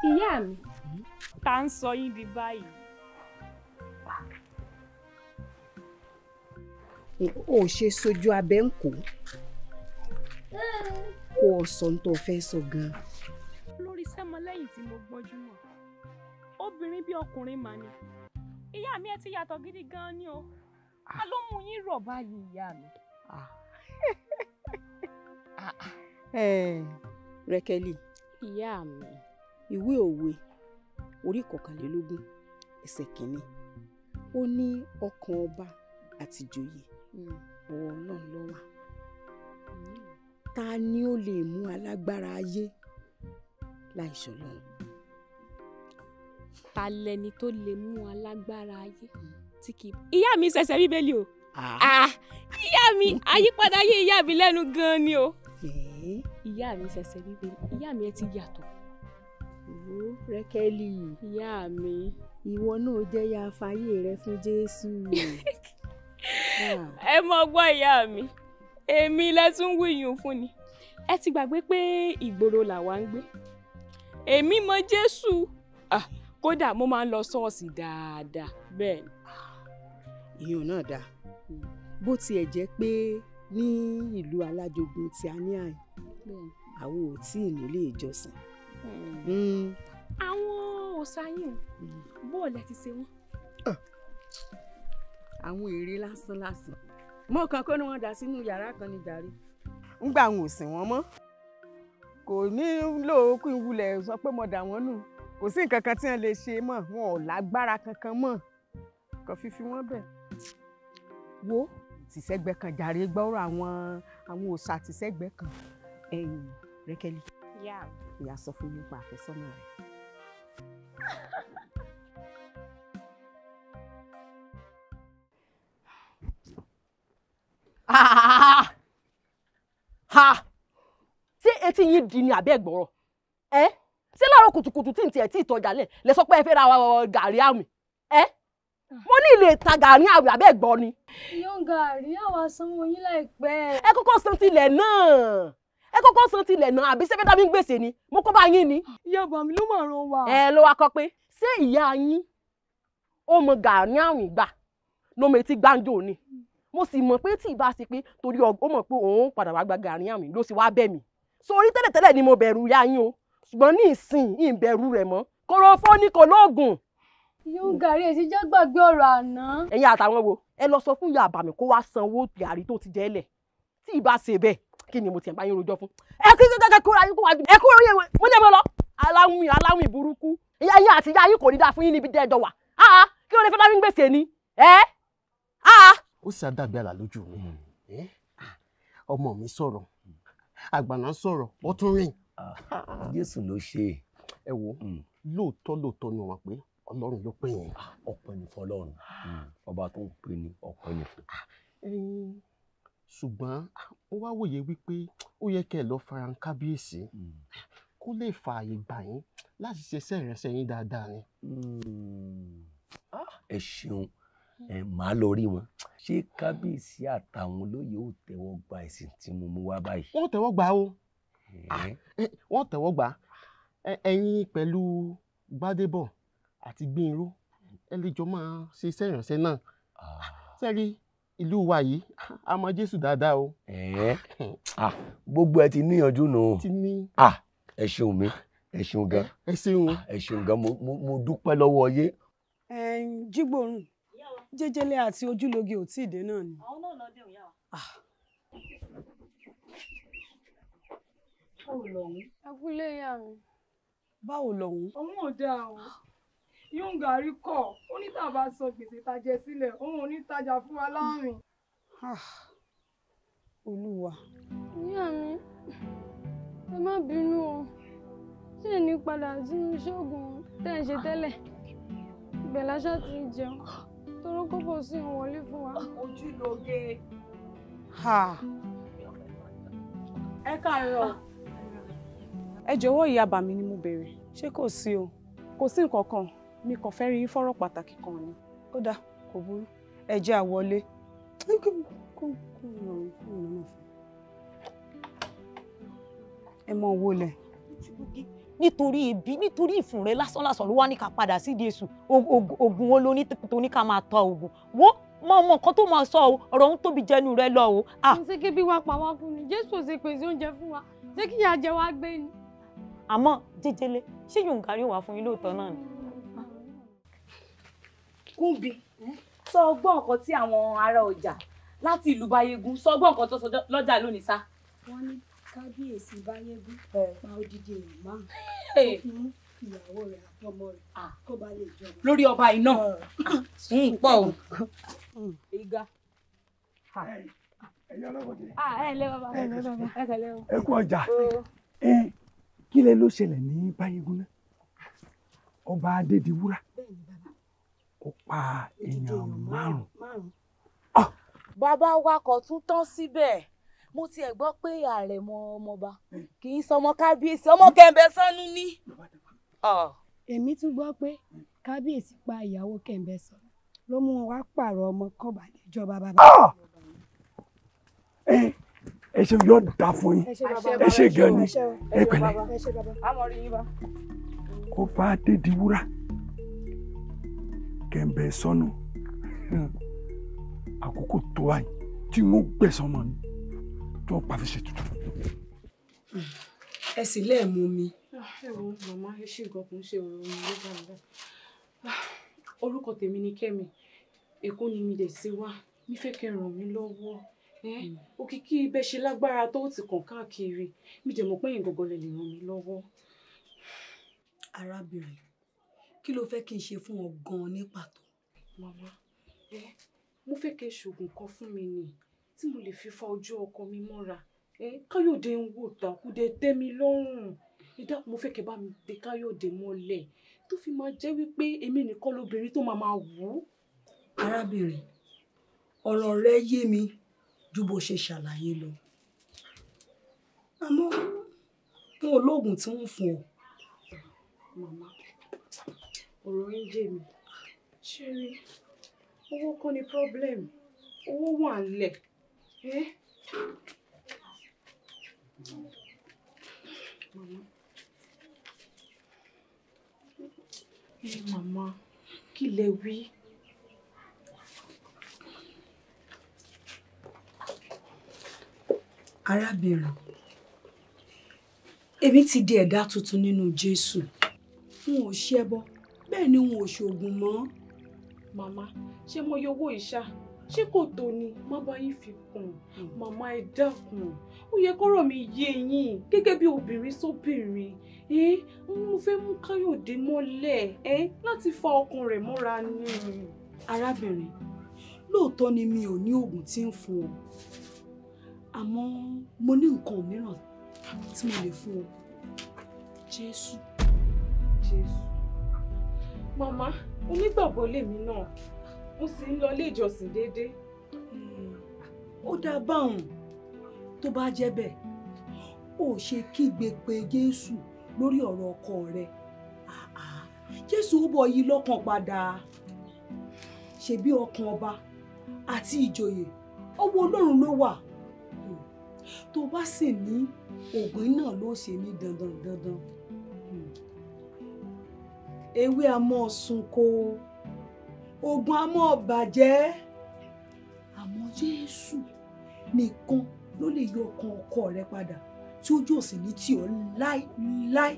ìyá mi ta ń sọ yín di báyìí. ò ṣe sojú abẹ́ ń kó kó o sọ ní tó fẹ́ sọ gan lórí sẹ́mọ lẹ́yìn tí mo gbọ́jú mọ́ obìnrin bí ọkùnrin mà ni ìyá mi ẹ ti yàtọ̀ gidi gan ni o ah. a ló mú yín rọ̀ báyìí ìyá mi. Ah. (laughs) Ah, rẹkẹlì ìyá mi ìwé òwe orí kọkànlélógún ẹsẹ̀ kìíní ó ní ọkàn ọba àti ìjòyè hmm. ọwọ́ Ọlọ́run ló wà hmm. ta ni ó lè mú alágbára ayé láìsọlọ́run ta lẹni tó lè mú alágbára ayé tí kì í. ìyá mi ṣẹ̀ṣẹ̀ bíbélì o ìyá mi àyípadà ayé ìyá mi lẹ́nu gan-an ni o ìyá mi ṣẹ̀ṣẹ̀ bíbélì ìyá mi ẹ ti yàtọ̀. rẹkẹlì ìyá mi. ìwọ náà jẹ́ ya fàyè rẹ fún jésù. (laughs) ẹ mọ gbọ́ ìyá mi èmi lẹ́tún wíyùn fún ni ẹ ti gbàgbé pé ìgboro làwa ń gbé èmi mọ jésù. Ah kódà mo máa ń lọ ṣọ́ọ̀ṣì dáadáa bẹ́ẹ̀ ni. ìyẹn náà dáa hmm. bó tiẹ̀ jẹ́ pé ní ìlú alájogun tí a ní àyè àwọn ò tí ì nílé ìjọsìn. Hmm. Hmm. àwọn òṣàyìn bóòlù ti ṣe wọn. Ah. àwọn ère lásán lásán mọ kan kó ni wọn dà sínú yàrá kan ní jàre. ń gbà wọn ò sìn wọn mọ́ kò ní lóòókù ìwúlẹ̀ sọ pé mo dà wọ́n nù kò sí nǹkan kan tí wọ́n lè ṣe mọ́ wọn ò lágbára kankan mọ́ kàn fífi wọ́n bẹ̀. wo tìṣẹ́gbẹ́ kan jàre gbọ́rọ̀ àwọn àwọn òòṣà tìṣẹ́gbẹ́ kan ẹ̀yìn rẹ́kẹ́lì. ìyá sọ fún mi nípa àfẹ́sọ́nà ha ṣé etí yín di ni àbẹ́ gbọ́rọ̀ ẹ́. Eh? ṣé láàárọ̀ kùtùkùtù tí n tiẹ̀ tí ìtọ́jà lẹ̀ lẹ sọ pé ẹ fẹ́ ra gàrí àwìn ẹ mo ní ilé ìta gàrí àwìn àbẹ́ gbọ́ ni. yan gàrí àwa sanwó yín láìpẹ́. ẹ kọ́kọ́ san tilẹ̀ náà ẹ kọ́kọ́ san tilẹ̀ náà àbí sẹ́fẹ́ dábí ń gbèsè ni mo kọ́ bá yín ni. ìyá bàbá mi ló máa ràn wá. ẹ ló wá kọ pé ṣé ìyá yín ó mọ gàrí àwìn gbà ló mọ etí gbáǹjò ni mo sì mọ̀ pé tí ìbá sí pé torí ó mọ̀ pé òun padà wá gba gàrí àwìn ló sì wá bẹ̀ mí so tẹ́lẹ̀tẹ́lẹ̀ ni mo bẹ̀rù ìyá yín o ṣùgbọ́n ní ìsìn ìbẹ̀rù rẹ̀ mọ́ korofó ni kò lóògùn. yóò èsì jẹ́ gbàgbé ọ̀rọ̀ àná. ẹ̀yin àtàwọn wo ẹ lọ sọ fún ìyá àbàmì kó wá sanwó yàrá tó ti jẹ́ lẹ̀ tí ì bá ṣe bẹ́ẹ̀ kí ni mo ti ẹ̀ bá yín rojọ́ fún. ẹ kí kí kí kúra yín kó wá ju ẹ kúrò yẹn mo ní ẹ lọ. aláwìn aláwìn burúkú ẹ̀yin àti ìyá yín kò ní dáa fún yín níbi dẹ́ẹ̀dọ̀ wà kí ló lè fẹ́ bá gbèsè ni. ó sì àdàgbé àlà lójú mi ọmọ mi sọ̀rọ̀ àgbàná sọ̀rọ̀ ó tún rìn Ah. jésù ló ṣe é. ẹ wo hmm. lóòótọ́ lóòótọ́ ni wọ́n pé ọlọ́run ló pè yín. Ah, ọpẹ́ ni fún ọlọ́run hmm. ọba tó ń pè ní ọpẹ́ ni fún. Ah, ṣùgbọ́n ó wá wòye wípé ó yẹ kẹ́ ẹ lọ́ọ́ fara kábíyèsí hmm. kó lè fààyè gbà yín láti ṣe sẹ́rẹ̀ẹ́sẹ̀ yín dáadáa ni. ẹ ṣeun ẹ máa lọ rí wọn ṣé kábíyèsí àtàwọn olóyè ò tẹ́wọ́ gba ẹ̀sìn tí mo mú wá báyìí. wọ́n tẹ́wọ́ gbà o. Ah, wọ́n tẹ̀wọ́ gbà ẹ̀yin pẹ̀lú Gbádébọ̀ àti Gbénró ẹ lè jọ máa ṣe iṣẹ́ ìrànṣẹ́ náà sẹ́rí ah. ìlú wa yìí a mọ Jésù dáadáa o. (laughs) Ah, gbogbo ẹ ti níyànjú nù ó ẹ ṣeun mi ẹ ṣeun gan ẹ ṣeun ẹ ṣeun gan mo dúpẹ́ lọ́wọ́ yé. jígbòrùn jẹjẹlẹ àti ojúlóge ò tí ì dé náà ni. àwọn náà lọ dé òun yà wá. Báwo lọ̀hún? Agúlé ìyá mi. Báwo lọ̀hún? Òun ò dáa o. Yóngàrí kọ̀, ó ní tàbá sọ gbèsè tajẹ sílẹ̀, òun ò ní tajà fún wa láàrin. Olúwa. Ìyá mi, ẹ má bínú o. Ṣé ẹni padà sínú ṣọ́ọ̀gùn tẹ́ ẹ ṣe tẹ́lẹ̀? Ibẹ̀ láṣà ti ń jẹun. Toró kókò sí ìwọlé fún wa. Ojú lóge. Ẹ kàárọ̀ ẹ jọ̀wọ́ ìyá bàmí ni mo béèrè ṣé kò sí o kò sí nǹkan kan mi kàn fẹ́ rí fọ́rọ̀ pàtàkì kan ni ó dáa kò burú ẹ jẹ́ a wọlé. ẹ mọ owó lẹ. nítorí ebi nítorí ìfun rẹ lásánlásán ló wá ní ká padà sídìí èṣù oògùn wo ló ní tó ní ká máa tọ oògùn wo mọ ọmọ nǹkan tó máa sọ o ọ̀rọ̀ ń tóbi jẹnu rẹ lọ o. Ah! ṣé kébí wa pa wá kú ni jésù ò sì pèsè oúnjẹ fún wa ṣé kíyà jẹ wá gbé ni àmọ́ jẹjẹlẹ ṣé yòǹgàrí wà fún yín lóòótọ́ náà ni. kúbi sọ ọgbọ́n nǹkan tí àwọn ará ọjà láti ìlú Báyégún sọ ọgbọ́n nǹkan tó sọ lọ́jà lónìí sá. wọ́n ní kábíyèsí Báyégún pa odidi èèyàn márùn-ún tó fún ìyàwó rẹ̀ àtọmọ rẹ̀ kó ba lè jọba. lórí ọba iná ń pọ̀ o. ìga. ẹ̀yin ọlọ́kọ̀ọ́jẹ́. ẹ ẹ lé bàbá ẹ kú kí lẹ ló ṣẹlẹ̀ ní báyìígún náà ọba adédiwúrà ó pa èèyàn márùn-ún. Ah! bàbá wa kò tún tán síbẹ̀ mo tiẹ̀ gbọ́ pé àrẹ̀mọ ọmọọba kì í sọmọ kábíyèsí ọmọ kẹ̀mbẹ́ sánú ni. Ah! èmi tún gbọ́ pé kábíyèsí pa ìyàwó kẹ̀mbẹ́ sọ ló mú wọn pààrọ̀ ọmọ kọ́ba níjọba bàbá. Ah! Eh, ẹ ṣe yóò dá fún yín ẹ ṣe gan ni ẹ pẹ̀lẹ́ kó bá dédi wúrà kẹ̀ǹbẹ̀ sọnù àkókò tó wáyé tí wọ́n gbẹ̀sán mọ́ ni tí wọ́n pàfi ṣe tuntun. ẹ sì lẹ́ẹ̀mú mi. Ah, ẹ wo màmá ẹ ṣì nǹkan kún ṣe ọ̀rọ̀ mi nígbà nígbà ah, orúkọ tèmi ni Kẹ́mi Èkó ni mi dẹ̀ sí wá mi fẹ́ kẹ́ ràn mí lọ́wọ́. Hmm. òkìkí ibẹ̀ ṣe lágbára tó ti kàn káàkiri mi dẹ̀ mọ̀ pé yín gangan lè lè ràn mí lọ́wọ́. arábìnrin kí ló fẹ́ kí n ṣe fún ọ gan-an ní pàtó. màmá ẹ mo fẹ́ kí n ṣoògùn kan fún mi nì tí mo lè fi fa ojú ọkọ mi mọ́ra káyọ̀dé ń wò tàkúdé tẹ́ mi lọ́rùn ìdá mo fẹ́ kẹ́ bá mi de káyọ̀dé mọ́lẹ̀ tó fi máa jẹ́ wípé èmi nìkan lóbìnrin tó máa máa wù ú. arábìnrin ọ̀rọ̀ rẹ yé mi ju bó ṣe ṣàlàyé lọ àmọ́ wọn ò lóògùn tí wọ́n fún ọ. màmá ọ̀rọ̀ yín jẹ́ mi ṣé rí owó kọ́ ni problem owó wà lẹ̀ màmá kí lẹ wí. arábìnrin èmi ti di ẹ̀dá tuntun nínú jésù n ò ṣẹbọ bẹ́ẹ̀ ni n ò ṣoògùn mọ́. màmá ṣé mo yọ owó ìṣá ṣé kò tó ni má bá yín fi kùn màmá ẹ dákun ó yẹ kọ́rọ̀ mi yé yín gẹ́gẹ́ bí obìnrin sóbìnrin mo fẹ́ mú káyọ̀dé mọ́lẹ̀ láti fa ọkàn rẹ̀ mọ́ra ni. arábìnrin lóòótọ́ ni mi ò ní oògùn tí ń fún ọ àmọ́ mo ní nǹkan mìíràn tí mo lè fún ọ jésù jésù. màmá onígbàgbọ́ lèmi náà mo sì ń lọ ilé ìjọsìn déédéé. Hmm. ó dáa báwọn tó bá jẹ́ bẹ́ẹ̀ ó ṣe kígbe pé jésù lórí ọ̀rọ̀ ọkọ rẹ jésù ó bọ̀ yí lọ́kàn padà ṣebí ọkàn ọba àti ìjòyè ọwọ́ ọlọ́run ló wà tó bá sì ní ògbín náà ló ṣe ní dandan dandan hmm. ewé a mọ́ sunko ogun a mọ́ bàjẹ́ àmọ́ Jésù nìkan ló lè yọ ọkàn ọkọ rẹ padà tí ojú òsì ní tì ọ́ láíláí.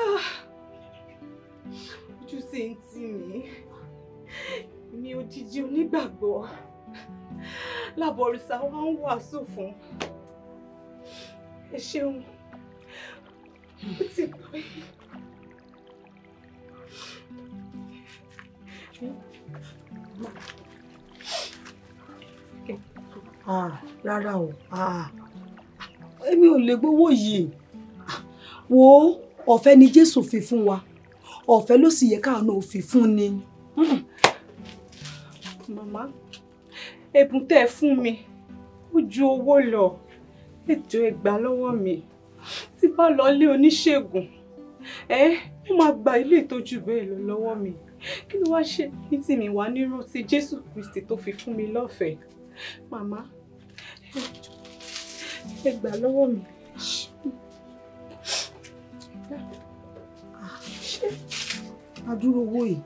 Ah! ojú sì ń tì mí mi ò jíjí onígbàgbọ́ lábọ̀rìṣà (laughs) wa ń wàásù fún ẹ ṣeun ó ti pẹ́. Ah, rárá o ah. èmi ò lè gbowó yìí wo ọ̀fẹ́ ni Jésù fi fún wa ọ̀fẹ́ ló sì yẹ káà náà fi fún ni. Hmm. màmá ẹ̀bùn tẹ́ ẹ fún mi ó ju owó lọ ètò ẹgbà lọ́wọ́ mi tí bá lọ lé oníṣègùn ẹ ó máa gba ilé ìtọ́jú bẹ́ẹ̀ lọ lọ́wọ́ mi kí ló wá ṣe ní tí mi wá nírántí Jésù Kristi tó fi fún mi lọ́fẹ̀ẹ́ màmá ẹ gbà lọ́wọ́ mi. adúrówó yìí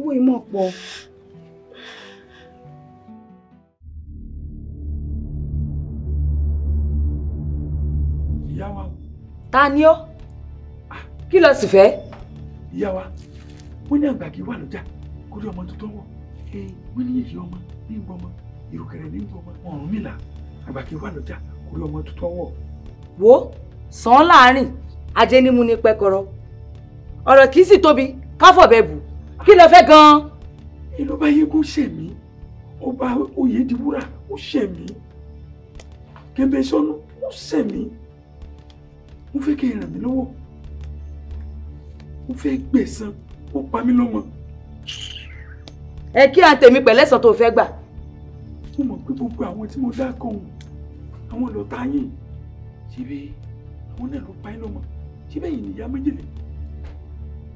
owó ìmọ̀ pọ̀. ìyá wa. ta ni ó ah, kí ló sì fẹ́. ìyá wa wọ́n ní àgbàgì wà lọ́jà kó rí ọmọ tuntun wọ̀ wọ́n ní yèyé ọmọ ní ìwọ ọmọ ìrùkẹ̀rẹ̀ ní ìwọ ọmọ ọ̀run mìlá àgbàgì wà lọ́jà kó rí ọmọ tuntun wọ̀. wo sàn láàrin ajé ni mo ní pẹkọrọ ọ̀rọ̀ kì í sì tóbi káfọ̀bẹ bù kí ló fẹ́ gan-an. ìlú bá yegun ṣe mí ọba oyèdíwúrà ó ṣe mí kẹmẹsánú ó ṣe mí mo fẹ́ kẹ́ ẹ ràn mí lọ́wọ́ mo fẹ́ gbẹ̀san ó pa mí lọ́mọ. ẹ kí à ń tèmi pẹ̀lẹ́sàn tó fẹ́ gbà. mo mọ̀ pé gbogbo àwọn tí mo dá kan òun àwọn lọ́tà yìí ṣebí àwọn náà ló pa yín lọ́mọ ṣebí ẹ̀yin nìyá méjèlè.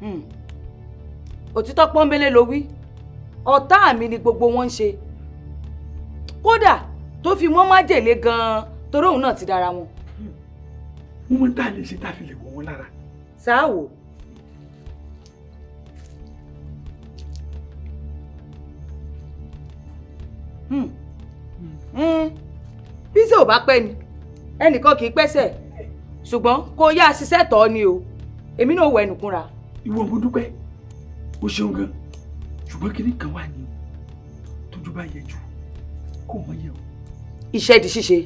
Hmm òtítọ́ pọ́nbélé ló wí ọ̀tá mi ni gbogbo wọn ń ṣe kódà tó fi mọ́ májèlé gan-an torí òun náà ti dára wọn. wọ́n mọ̀ tá a lè ṣe tá a fi lè wọ̀ wọ́n lára. sáà wò. Hmm. Hmm. bísí ò bá pẹ́ ni ẹnìkan kì í pẹ́sẹ̀ ṣùgbọ́n kó yá a ṣiṣẹ́ tọ́ ni o èmi náà wọ ẹnìkúnra. ìwọ mo dúpẹ́ o ṣeun gan ṣùgbọ́n kinní kan wà ní tójú bá yẹ jù kó mọ̀ yẹ o. iṣẹ́ di ṣíṣe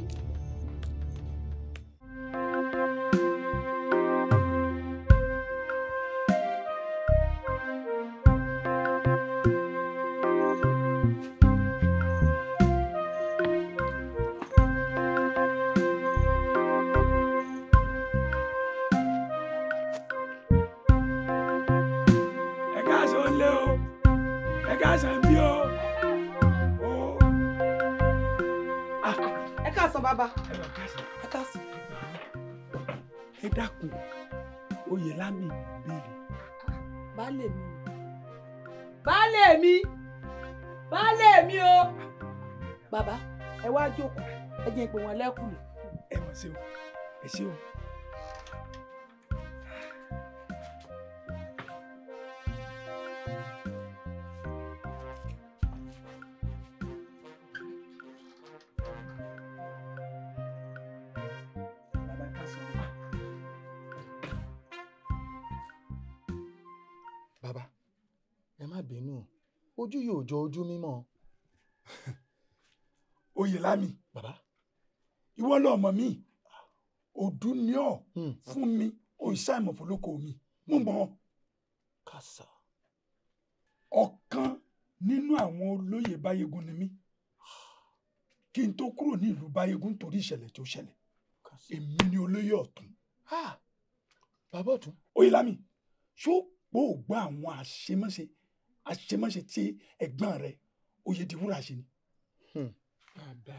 ṣe o ẹ ṣe o. bàbá ẹ má bínú ojú yóò jọ ojú mímọ́. (laughs) oyè lámì bàbá ìwọ lọmọ mi òdú ni ọ hmm. fún mi òṣìṣẹ ìmọ̀fólókò mi mú bọ́ kàṣà ọ̀kan nínú àwọn olóyè báyégún ni mí kí n tó kúrò ní ìlú báyégún torí ìṣẹ̀lẹ̀ tó ṣẹlẹ̀ èmi ni olóyè ọ̀tún. bàbá ọ̀tún. oyelami ṣó pò gbọ́ àwọn àṣemáṣe àṣemáṣe tí ẹ̀gbọ́n rẹ oyedewura ṣe ni. Hmm. bàbá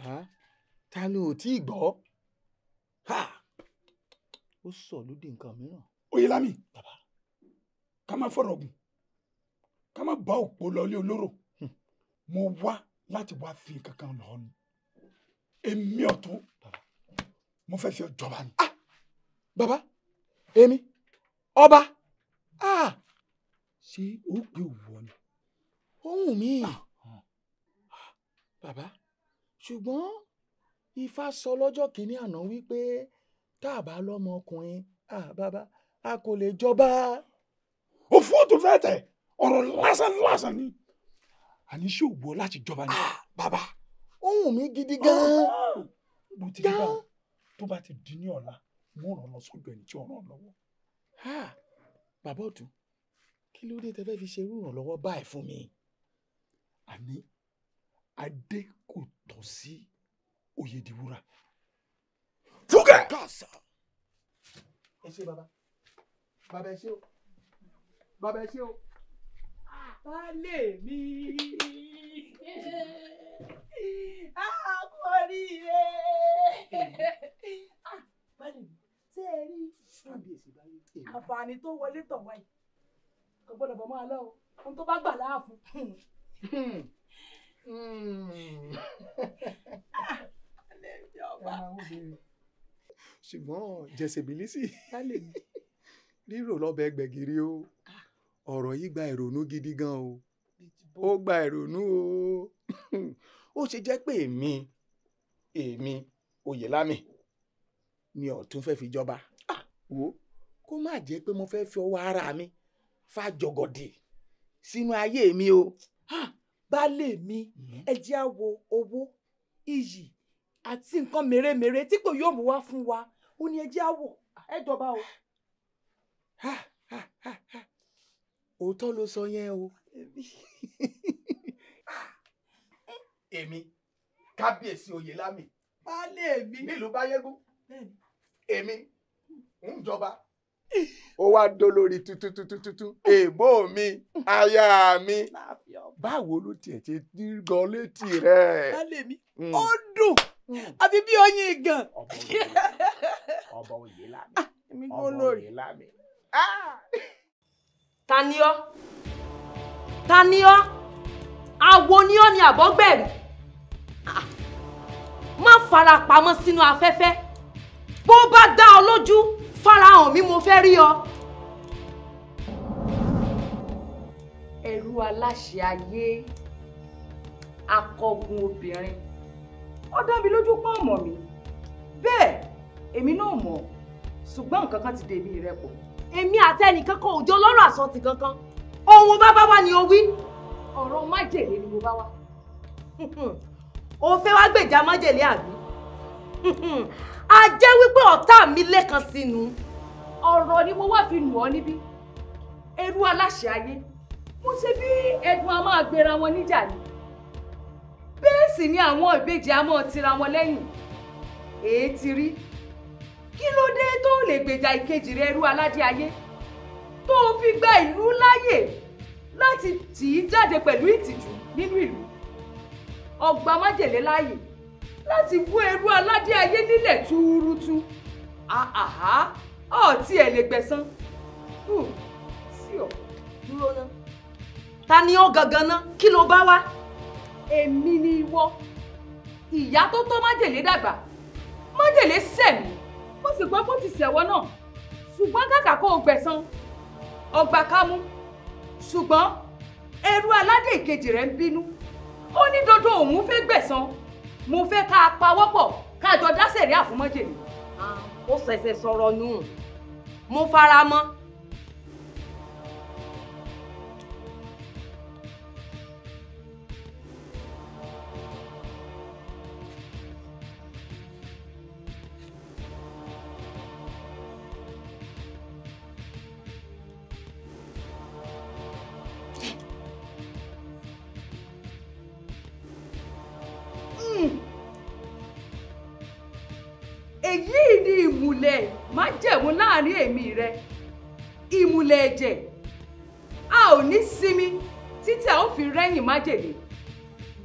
ta ló ò tí ì gbọ́ ó sọ lóde nǹkan mìíràn. oyè lami ká má fọ̀rọ̀ gùn ká má bá òpó lọlé olóró hmm. mo wá láti wá fi nǹkan kan lọ ni èmi ọ̀tún mo fẹ́ fi ọjọba ni. Ah! bàbá èmi ọba ah! ṣé ó gbé òwò ni. ohun mi ah! Baba, ṣùgbọ́n ifá sọ lọ́jọ́ kìíní àná wípé tá a bá lọ́mọ ọkùnrin a bàbá a kò lè jọba. òfú tó fẹ́ tẹ̀ ọ̀rọ̀ lásán lásán ni àní ṣé ògbó láti jọba ni. bàbá ohun mi gidi ah, gan-an. mo ti rí báwọn tó bá ti di ní ọ̀la mo ràn lọ sọ́dọ̀ ẹni tí ó ràn lọ́wọ́. bàbá ọ̀tún kí ló dé tẹ fẹ́ fi ṣe irú ìrànlọ́wọ́ báyìí fún mi. àní adé kò tọ́ sí Oyèdìwúrà ẹ ṣe bàbá bàbá ẹ ṣe o mi àkórí rẹ baálé mi ṣé ẹ rí àǹfààní tó wọlé tọ̀ wáyé kò gbọ́dọ̀ bọ̀ máa lọ o ohun tó bá gbà láàfún. (laughs) Hmm. Hmm. (laughs) Ah, ẹ máa ń wò ó ṣùgbọ́n jẹ̀sẹ̀bílísì á lè rírò lọ́bẹ̀ gbẹ̀gìrì o ọ̀rọ̀ yìí gba ìrònú gidi gan o ó gba ìrònú o ó ṣe jẹ́ pé èmi èmi oyèlámì ni ọ̀tún fẹ́ fi jọba wo kó má jẹ́ pé mo fẹ́ fi ọwọ́ ara mi fàjọgọ̀dì sínú ayé mi o. baálé mi hmm? ẹ jẹ́ wo owó iyì àti nǹkan mèremère tí kò yóò mú wá fún wa ó ní ẹjẹ́ àwọ̀ ah, ẹ jọba o. òótọ́ ló sọ yẹn o. èmi kábíyèsí oyèlámì baálé mi nílùú báyégún èmi ń jọba ó wá dó lórí tututututu èèbó mi aya mi báwo ló tiẹ̀ ṣe gan létí rẹ̀. baálé mi hmm. ó dùn hmm. àfi bí oyin gan ọba òye lámì ọba òye lámì. ta ni ọ́ ta ni ọ́ awo ni ọ́ ni àbọ́gbẹ̀rì ah! má fara pamọ́ sínú afẹ́fẹ́ bó bá dá ọ lójú farahàn mi mo fẹ́ rí ọ. ẹ̀rú aláṣẹ ayé akọgun obìnrin ó dá mi lójú pọ́n ọmọ mi bẹ́ẹ̀ èmi náà mọ̀ ṣùgbọ́n nǹkan kan ti dé èmi rẹ pọ̀. èmi àti ẹnìkan kan òjò lọ́rọ̀ àsọtì kankan ohun bá bá wá ni o wí ọ̀rọ̀ májèlé ni mo bá wá. o fẹ́ wá gbèjà májèlé àbí? a jẹ́ wípé ọ̀tá mi lẹ́kan sínú ọ̀rọ̀ ni mo wá fi nù ọ́ níbí ẹrú aláṣẹ ayé mo ṣe bí ẹ̀dùn a máa gbéra wọn níjà ni bẹ́ẹ̀ sì ni àwọn ìbejì a máa tira wọn lẹ́yìn èé ti rí kí ló dé tó lè gbèjà ìkejì rẹ rú aládé ayé tó o fi gba ìlú láyè láti tì í jáde pẹ̀lú ìtìjú nínú ìlú ọgbà májèlé láàyè láti bú ẹrú aládé ayé nílẹ̀ túurutu àhàhà ọ̀ọ́tí ẹ̀ lè gbẹ̀san sí ọ dúró ná ta ni ọ gangan ná kí ló bá wá. èmi ni ìwọ ìyá tó tọ́ májèlé dàgbà májèlé sẹ̀mí mo sì gbọ́ bó ti ṣẹ̀wọ́ náà ṣùgbọ́n kàkà kó o gbẹ̀san ọgbà kámú ṣùgbọ́n ẹrú aládé ìkejì rẹ̀ ń bínú ó ní dodo òun fẹ́ gbẹ̀san mo fẹ́ ká a pawọ́pọ̀ ká a jọ dá sẹ̀rí àfúnmọ́jèlé. Ah, ó ṣẹ̀ṣẹ̀ sọ̀rọ̀ nù mo fara mọ́ ìmùlẹ̀ májẹ̀mú láàrin èmi rẹ ìmùlẹ̀ ẹ̀jẹ̀ a ò ní sinmi títí a ó fi rẹ́yìn májèlé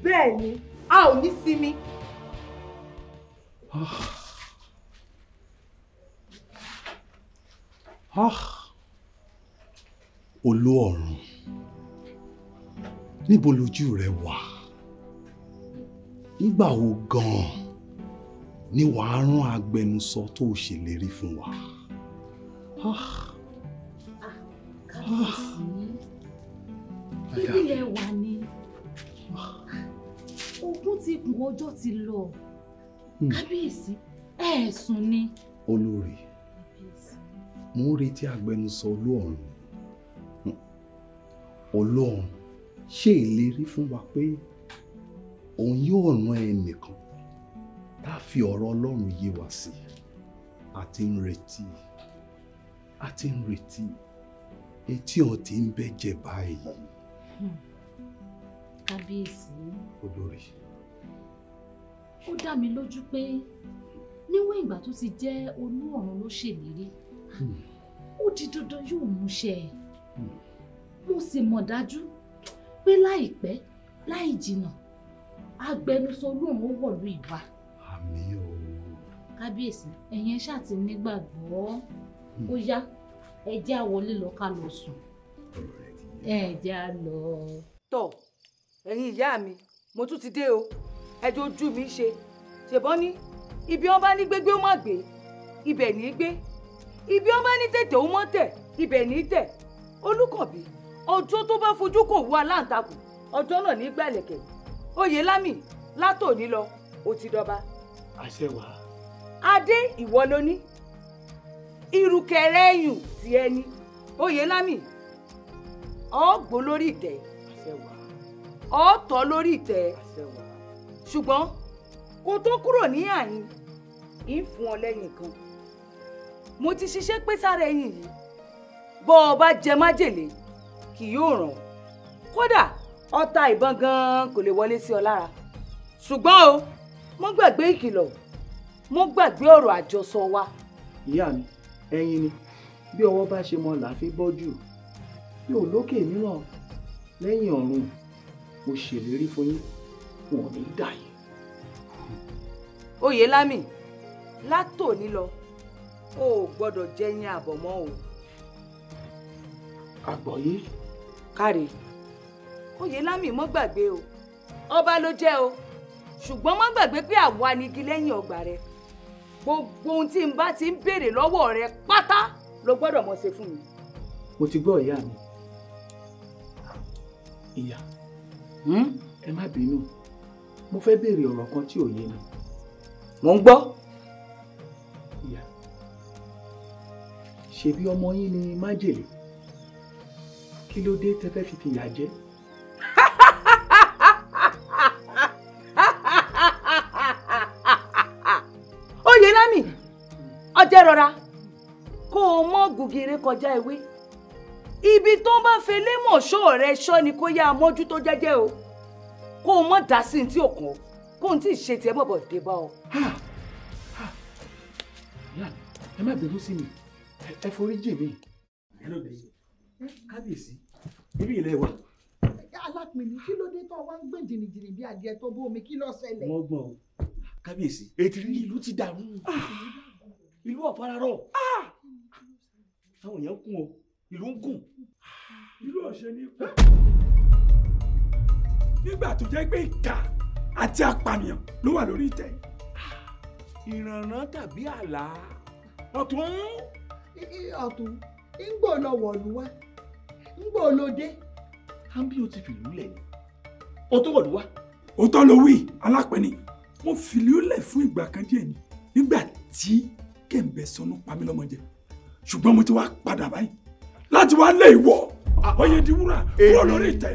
bẹ́ẹ̀ ni a ò ní sinmi. olú ọ̀run níbo lójú rẹ wà nígbà wo gan-an ni wàá rán agbẹnusọ tó o ṣèlérí fún wa. kábíyèsí ìbílẹ̀ wa ni ogún ti kùn ọjọ́ ti lọ hmm. kábíyèsí ẹ̀ẹ̀sùn ni. olórí mo ń retí agbẹnusọ olóòrùn olóòrùn ṣe ìlérí fún wa pé òun yóò rán ẹnìkan tá a fi ọ̀rọ̀ ọlọ́run yé wa sí a ti ń retí a ti ń retí etí ọ̀n ti ń bẹ́jẹ̀ báyìí. Hmm. kábíyèsí. olórí. ó dá mi lójú pé níwọ̀n ìgbà tó ti jẹ́ olú ọ̀run ló ṣèlérí hmm. ó di dandan yóò múṣẹ hmm. mo sì mọ̀ dájú pé láìpẹ́ láì jìnnà agbẹnusọ olóhùn ó wọ̀lú ìwà àmì o. kábíyèsí ẹ̀yin ṣáà ti nígbàgbọ́ hmm. ó yá ẹ jẹ́ á wọlé lọ ká lọ sùn ẹ jẹ́ á lọ. tọ ẹ̀yin ìyá mi mo tún ti dé o ẹjọ ojú mi ṣe ṣèbọn ní ibi wọn bá ní gbégbé ó má gbé ibẹ̀ ní í gbé ibi wọn bá ní tètè ó mọ́ tẹ̀ ibẹ̀ ní í tẹ̀ olùkọ̀bí tó bá fojú kò wú aláǹtakùn ọjọ́ náà ní gbàlẹ̀kẹ̀ oyè lámì látòní lọ ó ti dọba àṣẹ wà. adé ìwọ ló ní irukẹrẹ ẹyùn ti ẹni oyè lámì ọgbó lórí ìtẹ́ ọtọ lórí ìtẹ́ ṣùgbọ́n kó tó kúrò ní àyín ń fún ọ lẹ́yìn kan mo ti ṣiṣẹ́ pé sára ẹ̀yìn yìí bọ́ ọ jẹ májèlé kì yóò ràn kódà ọta ìbọn gan kò lè wọlé sí ọ lára ṣùgbọ́n o mo gbàgbé ìkìlọ̀ mo gbàgbé ọ̀rọ̀ àjọsọ wa. ìyá mi ẹyin ni bí ọwọ́ bá ṣe mọ làáfi bọ́jú yóò lókè mìíràn lẹ́yìn ọ̀run mo ṣèlérí fún yín wọn ò ní dà yín. oyèlámì látòní lọ o ò gbọ́dọ̀ jẹyìn àbọ̀mọ́ o. àgbọ̀yé. káre oyèlámì mọ́ gbàgbé o ọba ló jẹ́ o ṣùgbọ́n má gbàgbé pé àwa ni igi lẹ́yìn ọgbà rẹ gbogbo ohun tí n bá ti ń béèrè lọ́wọ́ rẹ pátá ló gbọ́dọ̀ mọ̀ ṣe fún mi. mo ti gbọ́ ìyá mi ìyá hmm? ẹ má bínú mo fẹ́ béèrè ọ̀rọ̀ kan tí ò yé mi. mo ń gbọ́. ìyá ṣebí ọmọ yín ni májèlé kí ló dé tẹ́ fi fìyà jẹ jẹ́ rọra kó o mọ́ gùgìrì kọjá ewé ibi tó ń bá fele mọ̀ ṣó rẹ ṣọ́ ni kó yá mọ́jú tó jẹ́jẹ́ o kó o mọ̀ dá sí ti òkun o kó o ti ṣe tiẹ̀ mọ̀ bọ̀ dé bá o. ẹ má bínú sí mi ẹ forí jì mí. kábíyèsí ibi ilé wa. alápinni kí ló dé tó wá ń gbé jìnnìjìnnì bí adìẹ tó bó omi kí ló ṣẹlẹ̀. wọ́n gbọ́n o kábíyèsí ètò ìlú ti dàrú. Ah! ìlú ọ̀fararọ̀ àwọn ah! èèyàn kún o ìlú ń kún. ìlú ọ̀sẹ̀ ní kún. nígbà tó jẹ́ pé ìka àti apànìyàn ló wà lórí ìtẹ́. ìrànà tàbí àlá ọ̀tún. ọ̀tún ń lọ wọ̀lú wa ń lọ dé. àbí o ti fìlú lẹ̀ ni o tó wọ̀lú wa. òótọ́ ló wí alápẹ̀ni mo fìlú lẹ̀ fún ìgbà kan díẹ̀ ni nígbà tí kẹ̀m̀bẹ̀ sọnù pa mí lọ́mọ jẹ ṣùgbọ́n mo ti wá padà báyìí láti wá lé ìwọ Oyèdìwúrà kúrò lórí ìtẹ́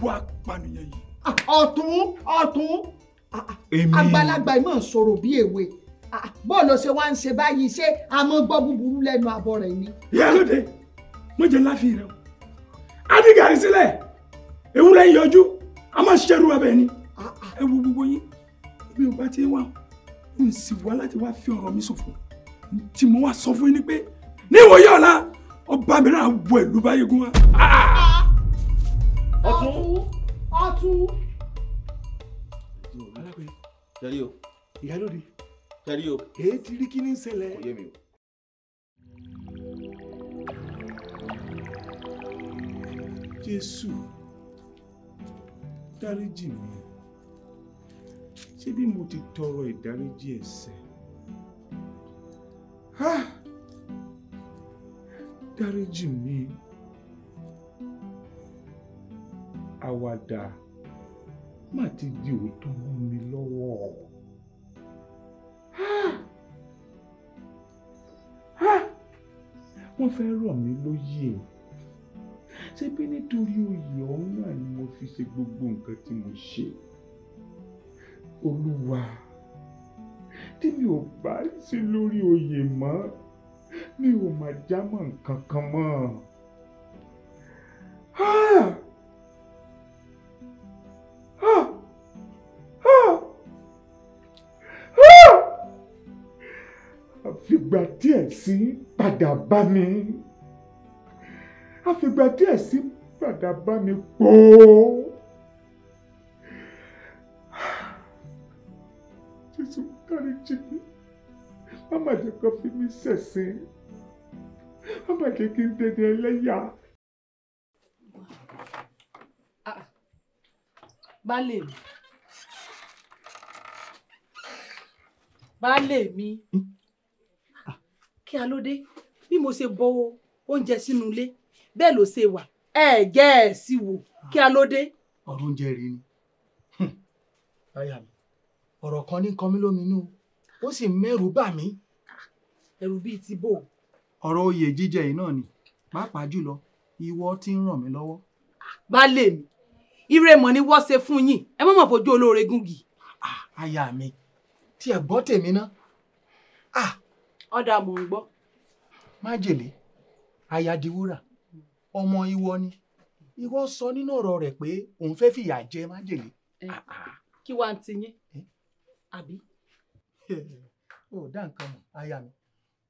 bu ah, apànìyàn ah. yìí. Ah, ọ̀tún ọ̀tún àgbàlagbà ìmọ̀ sọ̀rọ̀ bí èwe bọ́ọ̀lù ṣe wá ń ṣe báyìí ṣé a mọ́ gbọ́ búburú lẹ́nu abọ́ rẹ̀ ni. ìyá lóde mo jẹ ńlá fi rẹ o a ní gàrí sílẹ̀ ewúrẹ́ yọjú a máa ṣiṣẹ́ rú abẹ́ ni ẹ wo gbogbo yín bí o bá ti wà o n sì wá láti wá fi ọ̀rọ̀ mi ṣòfò tí mo wá sọ fún yín ni pé níwòye ọ̀la ọba mìíràn àwọ̀ ìlú báyìí gún wa. ọtún ọtún. tẹ̀lé o. ìyálóde. tẹ̀lé o. èyí ti kí ní ṣẹlẹ̀. kò yé mi o. jésù dáríjì mi ṣé bí mo ti tọrọ ìdáríjì ẹ̀ṣẹ̀ dáríjì mi àwàdà má ti di òótọ́ mọ́ mi lọ́wọ́ wọ́n fẹ́ rọ̀ mí lóyè ṣé bí nítorí oyè ọ̀hún náà ni mo fi ṣe gbogbo nǹkan tí mo ṣe olúwa tí mi ò bá sí lórí oyè mọ́ mi ò mà já mọ́ nǹkan kan mọ́. Ah! àfìgbà díẹ̀ sí padà bá mi àfìgbà díẹ̀ sí padà bá mi pòó. kan fi mí ṣẹ̀sín a má jẹ́ kí n dẹni ẹlẹ́yà. Ah, baálé mi baálé mi ah, kí a ló dé bí mo ṣe bọ oúnjẹ sínú ilé bẹ́ẹ̀ ló ṣe wà ẹ jẹ́ ẹ sì wò kí a ọ̀rọ̀ oúnjẹ rí ni hm. báyà mi ọ̀rọ̀ kan ní kan mí lóminú ó sì mẹ́rù bà mí ẹ̀rù bíi ti bò. ọ̀rọ̀ oyè jíjẹ yìí náà ni pàápàá jùlọ ìwọ ti ń ràn mí lọ́wọ́. Ah, baálé mi ire mọ̀ ni wọ́n ṣe fún yín ẹ mọ̀ mọ̀ fojú olóore gúngi. Ah, aya mi tí ẹ gbọ́ tèmi ná. Ah, ọ̀dà mò ń gbọ́. májèlé aya di wúrà ọmọ ìwọ ni ìwọ sọ nínú ọ̀rọ̀ rẹ̀ pé òun fẹ́ fìyà jẹ májèlé. kí wàá ti yín eh? àbí. ò (laughs) dá nǹkan mọ̀ aya mi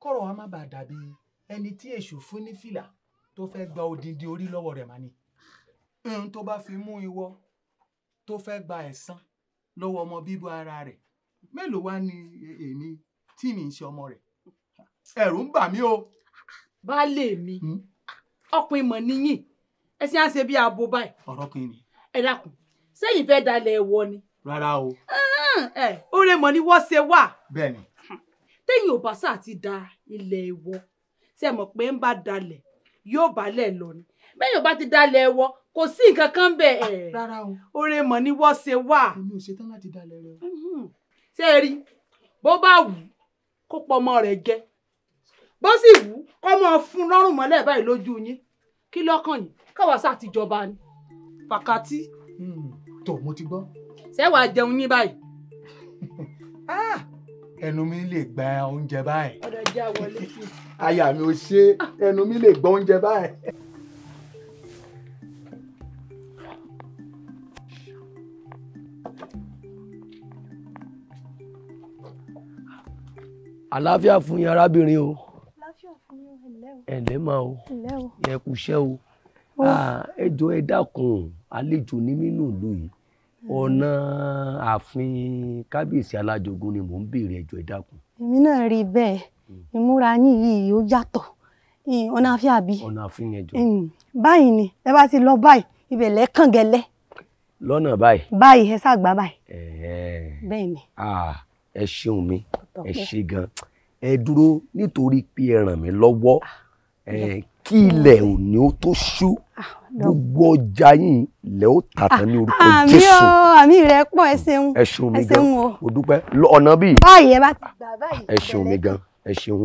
kọ́rọ̀ wa má bàa dàbí ẹni tí èṣù fún ní fìlà tó fẹ́ gba odindi orí lọ́wọ́ rẹ̀ mà ni n tó bá fi mú ìwọ tó fẹ́ gba ẹ̀san lọ́wọ́ ọmọ bíbú ara rẹ̀ mélòó wá ni èmi tí mi ń ṣe ọmọ rẹ̀ ẹ̀rù ń bà mí o. baálé mi hmm? ọkùnrin mọ̀ níyìn ẹ á ṣe bí abo báyìí. ọ̀rọ̀ kìíní ni. ẹ dákun sẹ́yìn fẹ́ dalẹ̀ ẹ̀wọ̀ ni. rárá o. ẹ ẹ oore mọ̀ ni wọ́n ṣe wà. bẹ́ẹ̀ ni tẹ́yìn òbáṣà ti da ilẹ̀ ẹ̀wọ̀ ṣe mọ̀ pé ń bá dalẹ̀ yóò balẹ̀ lọ ni bẹ́ẹ̀ yóò bá ti dalẹ̀ ẹ̀wọ̀ kò sí nǹkan kan bẹ́ẹ̀ ah, ẹ̀ rárá o oore mọ̀ ni wọ́n ṣe wà. èmi ò ṣetán láti dalẹ̀ rẹ o. Mm-hmm. ṣé ẹ rí bó bá wù kó pọ ọmọ rẹ̀ jẹ bó sì wù kó mọ fún lọ́rùn mọ́lẹ̀ báyìí lójú yín kí lọ́kàn yìí káwa sá ti jọba ni pàkàtí. Hmm, tó mo ti gbọ́. ṣé wàá jẹun yín báyìí. (laughs) Ah! ẹnu mi lè gba oúnjẹ báyìí. ọ̀dọ̀ já wọlé sí. àyà mi ò ṣe ẹnu mi lè gba oúnjẹ báyìí. àlàáfíà fún yín arábìnrin o ẹ̀lẹ́ máa o ẹ̀kúṣẹ́ o ẹjọ́ ah, ẹ dákun àlejò ní nínú ìlú yìí ọ̀nà ààfin kábíyèsí alájogun ni mò ń béèrè ẹjọ́ ẹ dákun. èmi náà rí bẹ́ẹ̀ hmm. ìmúra yín yìí ó yàtọ̀ ọ̀nà àfin àbí. ọ̀nà àfin yẹn jọ. Hmm. báyìí ni ẹ bá ti lọ báyìí ibẹ̀ lẹ́kàn gẹ́lẹ́. lọ́nà báyìí. báyìí ẹ ṣáà gbà báyìí. bẹ́ẹ̀ ni. ẹ ṣeun mi ẹ ṣe gan ẹ dúró nítorí pé ẹ ràn mí lọ́wọ́ ah, kí ilẹ̀ òní ó tó ṣú gbogbo ọjà yìí lẹ ó tà tán ní orúkọ ah, jésù. àmì rẹ pọ̀ ẹ ṣeun ẹ ṣeun mi gan o dúpẹ́ ọ̀nà bíi. báyìí ẹ bá ti gbà báyìí. ẹ ṣeun mi gan ẹ ṣeun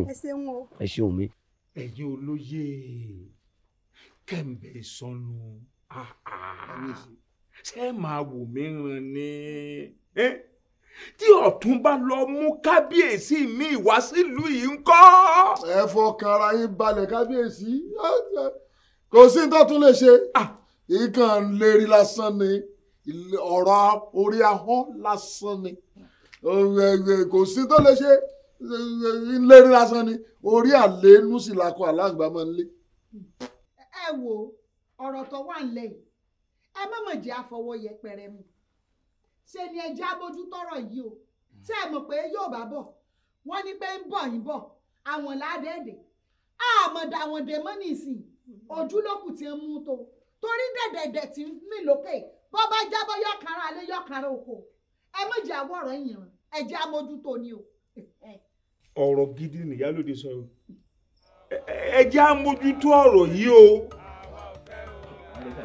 ẹ ṣeun mi. ẹ̀yin olóye kẹ́ǹbẹ̀ sọnù ṣé màá wò mí ràn ni tí ọ̀tún bá lọ mú kábíyèsí mi wá sílùú yìí ńkọ́. ẹ fọkàn ara yín balẹ̀ kábíyèsí kò sí tó tún lè ṣe ah, ìkàn lérí lásán ni ọ̀rọ̀ orí ahọ́n lásán ni kò sí tó lè ṣe lérí lásán ni orí àlénú sì lakọ aláǹgbá máa ń lé. ẹ wo ọ̀rọ̀ tó wà ń lẹ́yìn ẹ má mọ̀ jẹ́ àfọwọ́ yẹpẹrẹ mu ṣe ni ẹ já bójú tọrọ yìí o ṣé ẹ mọ̀ pé yóò bá bọ̀ wọ́n ní pé ń bọ̀ yín bọ̀ àwọn ládẹ́ẹ̀dẹ̀ àmọ̀dà àwọn dẹ̀mọ́nì sìn ojú lókù tí ń mú tó torí dẹ̀dẹ̀dẹ̀ tí ń mì lókè bọ́ bá jábọ́ yọkànra alẹ́ yọkànra oko ẹ méjì àwọ̀ ọ̀rọ̀ yìnyín ẹ jẹ́ amójútó ni o. ọ̀rọ̀ gidi nìyálòde sọ o ẹ jẹ́ amójútó ọ̀rọ̀ yìí o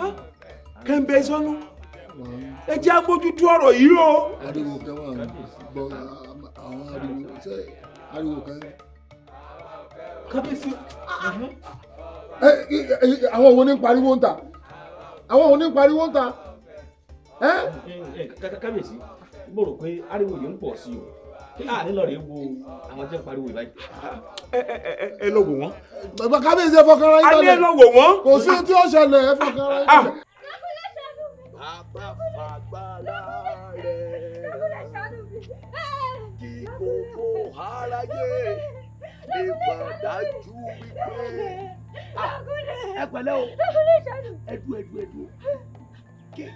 ah, kẹ́ńbẹ́ sọ́nù ẹ jẹ́ amójútó ọ̀rọ̀ yìí o. ariwo kan wà gbọ́ àwọn ariwo ariwo kan. kábíyèsí. Ah, ah àwọn òun ní pariwo ń ta àwọn òun ní pariwo ń ta. kábíyèsí mo rò pé ariwo yìí ń pọ̀ sí o láàrin lọ́ọ̀rẹ́ wo àwọn jẹ́ pariwo ìbáyìí. ẹ lọ wò wọ́n. bàbá kábíyèsí ẹ fọkànra yín balẹ̀. a ní ẹ lọ wò wọ́n. kò sí tí ó ṣẹlẹ̀ ẹ fọkànra yín ah! balẹ̀. bàbá fagbára rẹ̀ kí gbogbo aráyé lè padà ju wípé. Ah, ẹ pẹ̀lẹ́ o ẹdú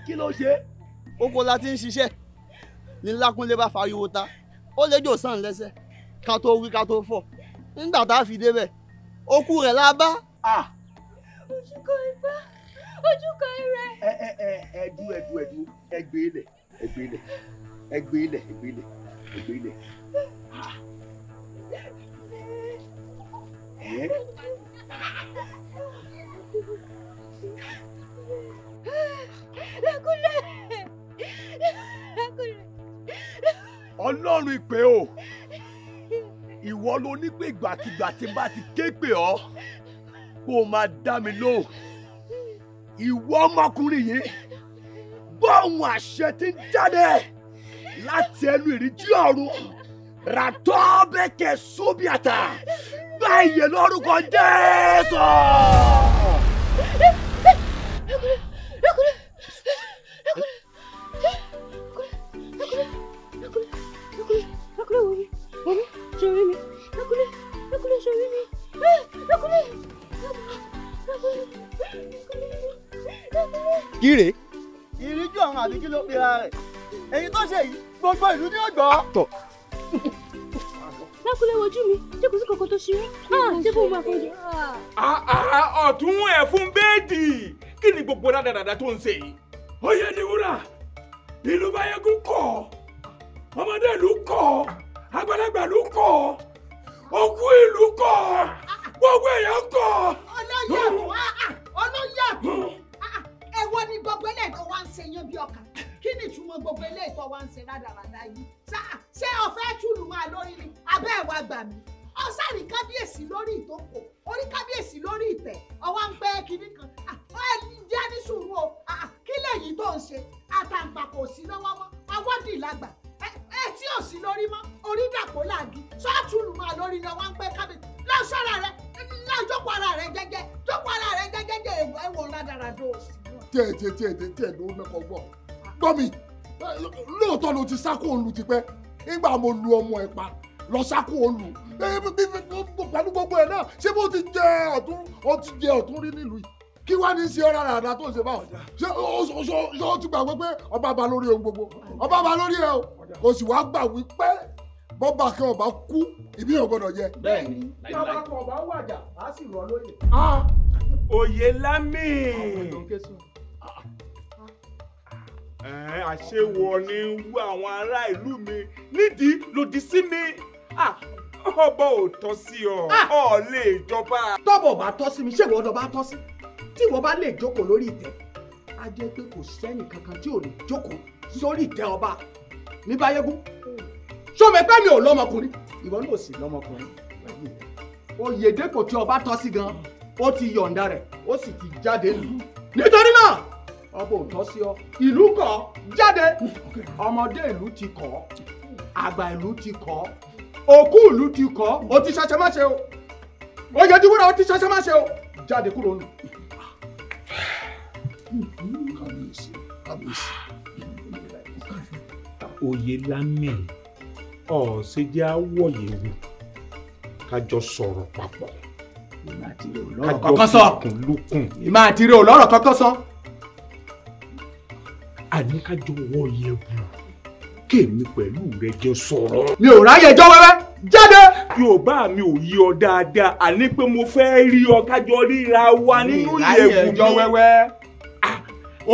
kí ló ṣe. oko la ti n ṣiṣẹ ni lákúnlé bá fariwo ta ó léjò sàn lẹ́sẹ̀ fọ tó wí ká tó fọ̀ nígbà tá a fi débẹ̀ okú rẹ̀ ẹ ẹ ẹ lákúnlẹ̀ lákúnlẹ̀. ọlọ́run ìpè o ìwọ ló ní pé ìgbàkigbà tí n bá ti ké pè ọ́ kó o máa dá mi lóhùn ìwọ ọmọkùnrin yìí bọ́ọ̀hún àṣẹ ti ń jáde láti ẹnu ìríjú ọ̀run ràtọ́ bẹ́kẹ̀ sóbíàtà gbá ìyè lórúkọ Jésù. kí ìrìnjú àwọn àbí kí ló pe ara rẹ̀ èyí tó ṣe yìí gbogbo ìlú ni ó gbọ́ lákúlẹ̀ wojú mi tí kò sí kankan tó ṣe wọ́n ah, ṣé fún mi àfọ̀jù. ọ̀tún ẹ̀ fún bẹ́ẹ̀dì kí ni gbogbo rádaràda tó ń ṣe yìí. oyè ni wúrà ìlú bayẹ́gun kọ̀ ọmọdé ìlú kọ̀ àgbàlagbà ìlú kọ̀ òkú ìlú kọ̀ gbogbo èèyàn kọ̀. ọlọ́yàbọ̀ ah, ah, ọlọ́yàbọ̀ hmm. ẹ̀wọ̀n ni gbogbo ẹlẹ́gbẹ̀ẹ́ wa ń ṣe yan bí ọkàn kí ni ìtumọ̀ gbogbo ilé ìtọ́ wa ń ṣe rádaràda yìí sáà ṣé ọ̀fẹ́ túlù máa lórí ni abẹ́ ẹ̀ wá gbà mí ọ̀sán ní kábíyèsí lórí ìtòkò orí kábíyèsí lórí ìtẹ̀ ọwọ́ ń pẹ́ kínní kan ẹ jẹ́ ní sùúrù o kí lèyí tó ń ṣe àtàǹpàkò sí lọ́wọ́ mọ́ awọ́dì làgbà ẹ tí ò sí lórí mọ́ orí dàpọ̀ làgì sọ́ọ̀tùlù máa lórí ni ọwọ́ ń pẹ́ kábíyèsí lọ sọ́ra rẹ lọ jókòó ara rẹ jẹ́jẹ́ jókòó ara rẹ jẹ́jẹ́ ẹ̀wọ̀n rádaràdó òsì. tiẹ̀ tiẹ̀ tiẹ̀ tiẹ̀ ló mẹ́kọ̀ọ́ gbọ́ gbọ́ mi lóòótọ́ ló ti sákò òlu tipẹ́ nígbà mo lu ọmọ ẹ̀ pa lọ sákò òlu pẹ̀lú gbogbo ẹ̀ náà ṣé bó ti jẹ ọ̀tún ó ti jẹ ọ̀tún rí nílùú yìí kí wàá ní ṣe ọ̀rọ̀ àdá tó ń ṣe báwọn ṣé ó ti gbàgbé pé ọba ba lórí ohun gbogbo ọba ba lórí ẹ o kò sì wá gbà wípé bọ́bà kan ọba kú ìbí yẹn gbọ́dọ̀ jẹ. bẹ́ẹ̀ni tí kan ọba wàjà á sì rọ lóye. Ah! oyè lámì. àwọn ọmọ ìdókè àṣewọ ni ń wú àwọn ará ìlú mi nídìí lòdì sí mi ọbọ ò tọ́ sí ọ ọ lè jọba. tọ́bọ̀ bá tọ́ sí mi ṣé ìwọ ọdọ bá tọ́ sí tí ìwọ bá lè jókòó lórí ìtẹ́ á jẹ́ pé kò sẹ́ni kankan tí ò lè jókòó sórí ìtẹ́ ọba ní báyégún ṣọmẹpẹ́ mi ò lọ́mọkùnrin ìwọ náà ò sì lọ́mọkùnrin pẹ̀lú ìtẹ́ oyèdèkò tí ọba tọ́ sí gan ó ti yọ̀ǹda rẹ̀ ó sì ti jáde lù nítorí náà ọba òtọ́ sí ọ ìlú kọ̀ jáde ọmọdé ìlú ti kọ̀ àgbà ìlú ti kọ̀ òkú ìlú ti kọ̀ ó ti ṣaṣẹ má ṣe o oyè ti wúra o ti ṣaṣẹ má ṣe o jáde kúrò nù. kábíyèsí kábíyèsí oyè lámì ọ̀sẹ̀dẹ̀ awọ̀yẹ̀ wò kájọ sọ̀rọ̀ papọ̀ kájọ kùn lukùn. ìmáàtìrẹ ò lọ́rọ̀ kankan sọ àní ká jọ wọ ìyẹ̀bù kémi pẹ̀lú rẹ jẹ́ sọ̀rọ̀. mi ò ráyè jọ wẹ́wẹ́ jáde. yorùbá mi ò yí ọ dáadáa àní pé mo fẹ́ rí ọ kájọ ríra wa nínú ìyẹ̀bù mi. mi ò ráyè jọ wẹ́wẹ́.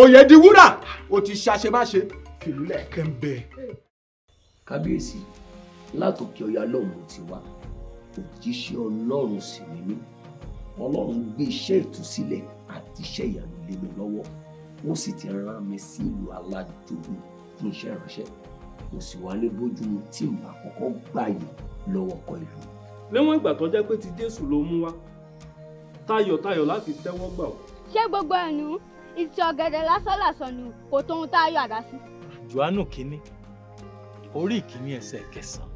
òye di wúrà o ti ṣàṣemáṣe fìlúlẹ̀ kẹ́ńbẹ́. kábíyèsí látòkè ọ̀yà lọ́hùn ti wá òjíṣẹ́ ọlọ́run sì ni ọlọ́run gbé iṣẹ́ ìtúsílẹ̀ àti iṣẹ́ ìyanu lé mi lọ́wọ́ wọ́n sì ti rán mi sí ìlú alájogún fún iṣẹ́ ìránṣẹ́ mo sì wá ní bójú mu tí mo àkọ́kọ́ gbààyè lọ́wọ́ ọkọ ìlú. níwọ̀n ìgbà tó jẹ́ pé ti jésù ló mú wá tayọ̀tayọ̀ láti tẹ́wọ́ gbà ó. ṣé gbogbo ẹnu ìtì ọ̀gẹ̀dẹ̀ lásán làsàn ni kò tóun tá a àdá sí. johannu kínní orí ìkíní ẹsẹ̀ kẹsàn-án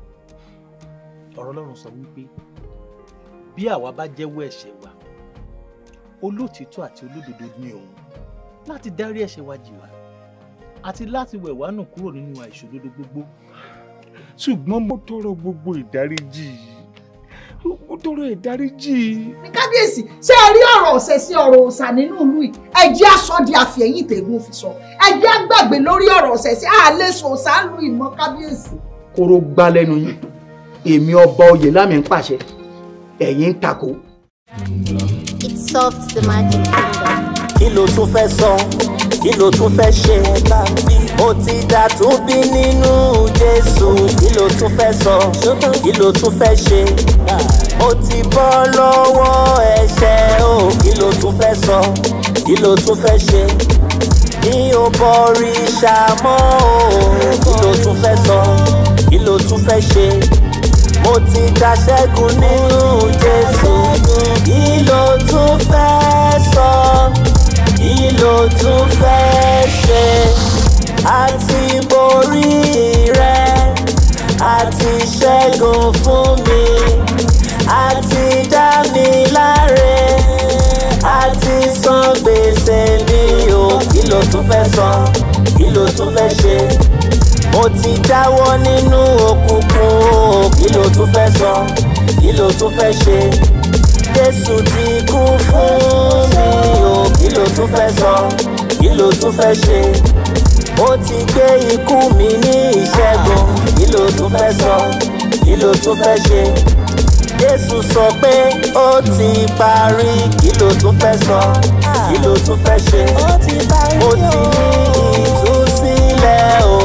ọ̀rọ̀ ọlọ́run sọ wípé bí àwa bá jẹ́wọ́ ẹ̀ṣẹ̀ wa olóòtítọ́ àti olódodo ni òun láti dárí ẹ̀ṣẹ̀ wa jì wá àti láti wẹ̀ wá nù kúrò nínú àìṣòdodo gbogbo. ṣùgbọ́n mo tọrọ gbogbo ìdáríjì mo tọrọ ìdáríjì. ní kábíyèsí ṣé ẹ rí ọ̀rọ̀ ọ̀sẹ̀ sí ọ̀rọ̀ ọ̀sà nínú ìlú yìí ẹ jẹ́ aṣọ di àfẹ̀yìn tẹ̀gùn fi sọ ẹ jẹ́ gbàgbé lórí ọ̀rọ̀ ọ̀sẹ̀ sí àlẹ́ sọ̀sà ń lu ìmọ̀ kábíyèsí. kóró gbá lẹ́nu yín èmi ọba oyè lámì ń pàṣẹ ẹ̀yin ń takò. It solves the magic kí ló tún fẹ́ sọ kí ló tún fẹ́ ṣe ó ti dà tún bí nínú Jésù kí ló tún fẹ́ sọ kí ló tún fẹ́ ṣe ó ti bọ́ lọ́wọ́ ẹ̀ṣẹ̀ o kí ló tún fẹ́ sọ kí ló tún fẹ́ ṣe ní o bọ̀rì ṣàmọ́ o kí ló tún fẹ́ sọ kí ló tún fẹ́ ṣe mo ti gba ṣẹ́gun nínú Jésù kí ló tún fẹ́ sọ kí ló tún fẹ́ ṣe àti borí rẹ àti ṣẹ́gun fún mi àti dá mi láre àti san gbèsè mi o kí ló tún fẹ́ san kí ló tún fẹ́ ṣe mo ti jáwọ́ nínú òkùnkùn o kí ló tún fẹ́ san kí ló tún fẹ́ ṣe. Jésù ti kú fún mi o kí ló tún fẹ́ sọ kí ló tún fẹ́ ṣe ó ti gbé ikú mi ní ìṣẹ́gun kí ló tún fẹ́ sọ kí ló tún fẹ́ ṣe Jésù sọ pé ó ti parí kí ló tún fẹ́ sọ kí ló tún fẹ́ ṣe ó ti ní ìtúsílẹ̀ o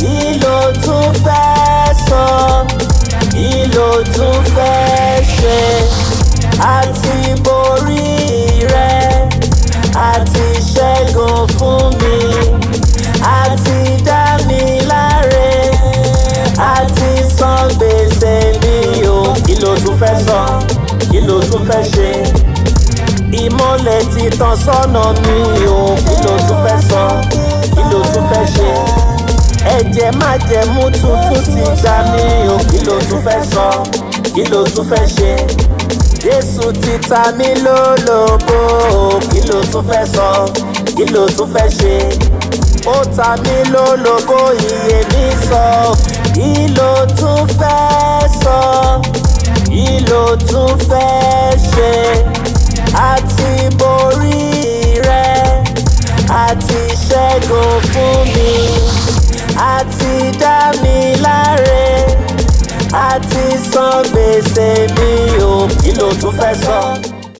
kí ló tún fẹ́ sọ kí ló tún fẹ́ ṣe àti borí rẹ àti ṣẹ́gun fún mi àti dá mi láre àti san gbèsè mi o kí ló tún fẹ́ sọ kí ló tún fẹ́ ṣe ìmọ̀lẹ̀ ti tàn sọ́nà mi o kí ló tún fẹ́ sọ kí ló tún fẹ́ ṣe ẹ̀jẹ̀ májẹ̀mú tuntun ti gbà mí o kí ló tún fẹ́ sọ kí ló tún fẹ́ ṣe. Jésù ti ta mí lólobó kí ló tún fẹ́ sọ kí ló tún fẹ́ ṣe ó ta mí lólobó iye mi sọ kí ló tún fẹ́ sọ kí ló tún fẹ́ ṣe àti borí rẹ àti ṣẹ́gun fún mi àti dá mi láre a ti san gbèsè mi o kí ló tún fẹ́ sọ.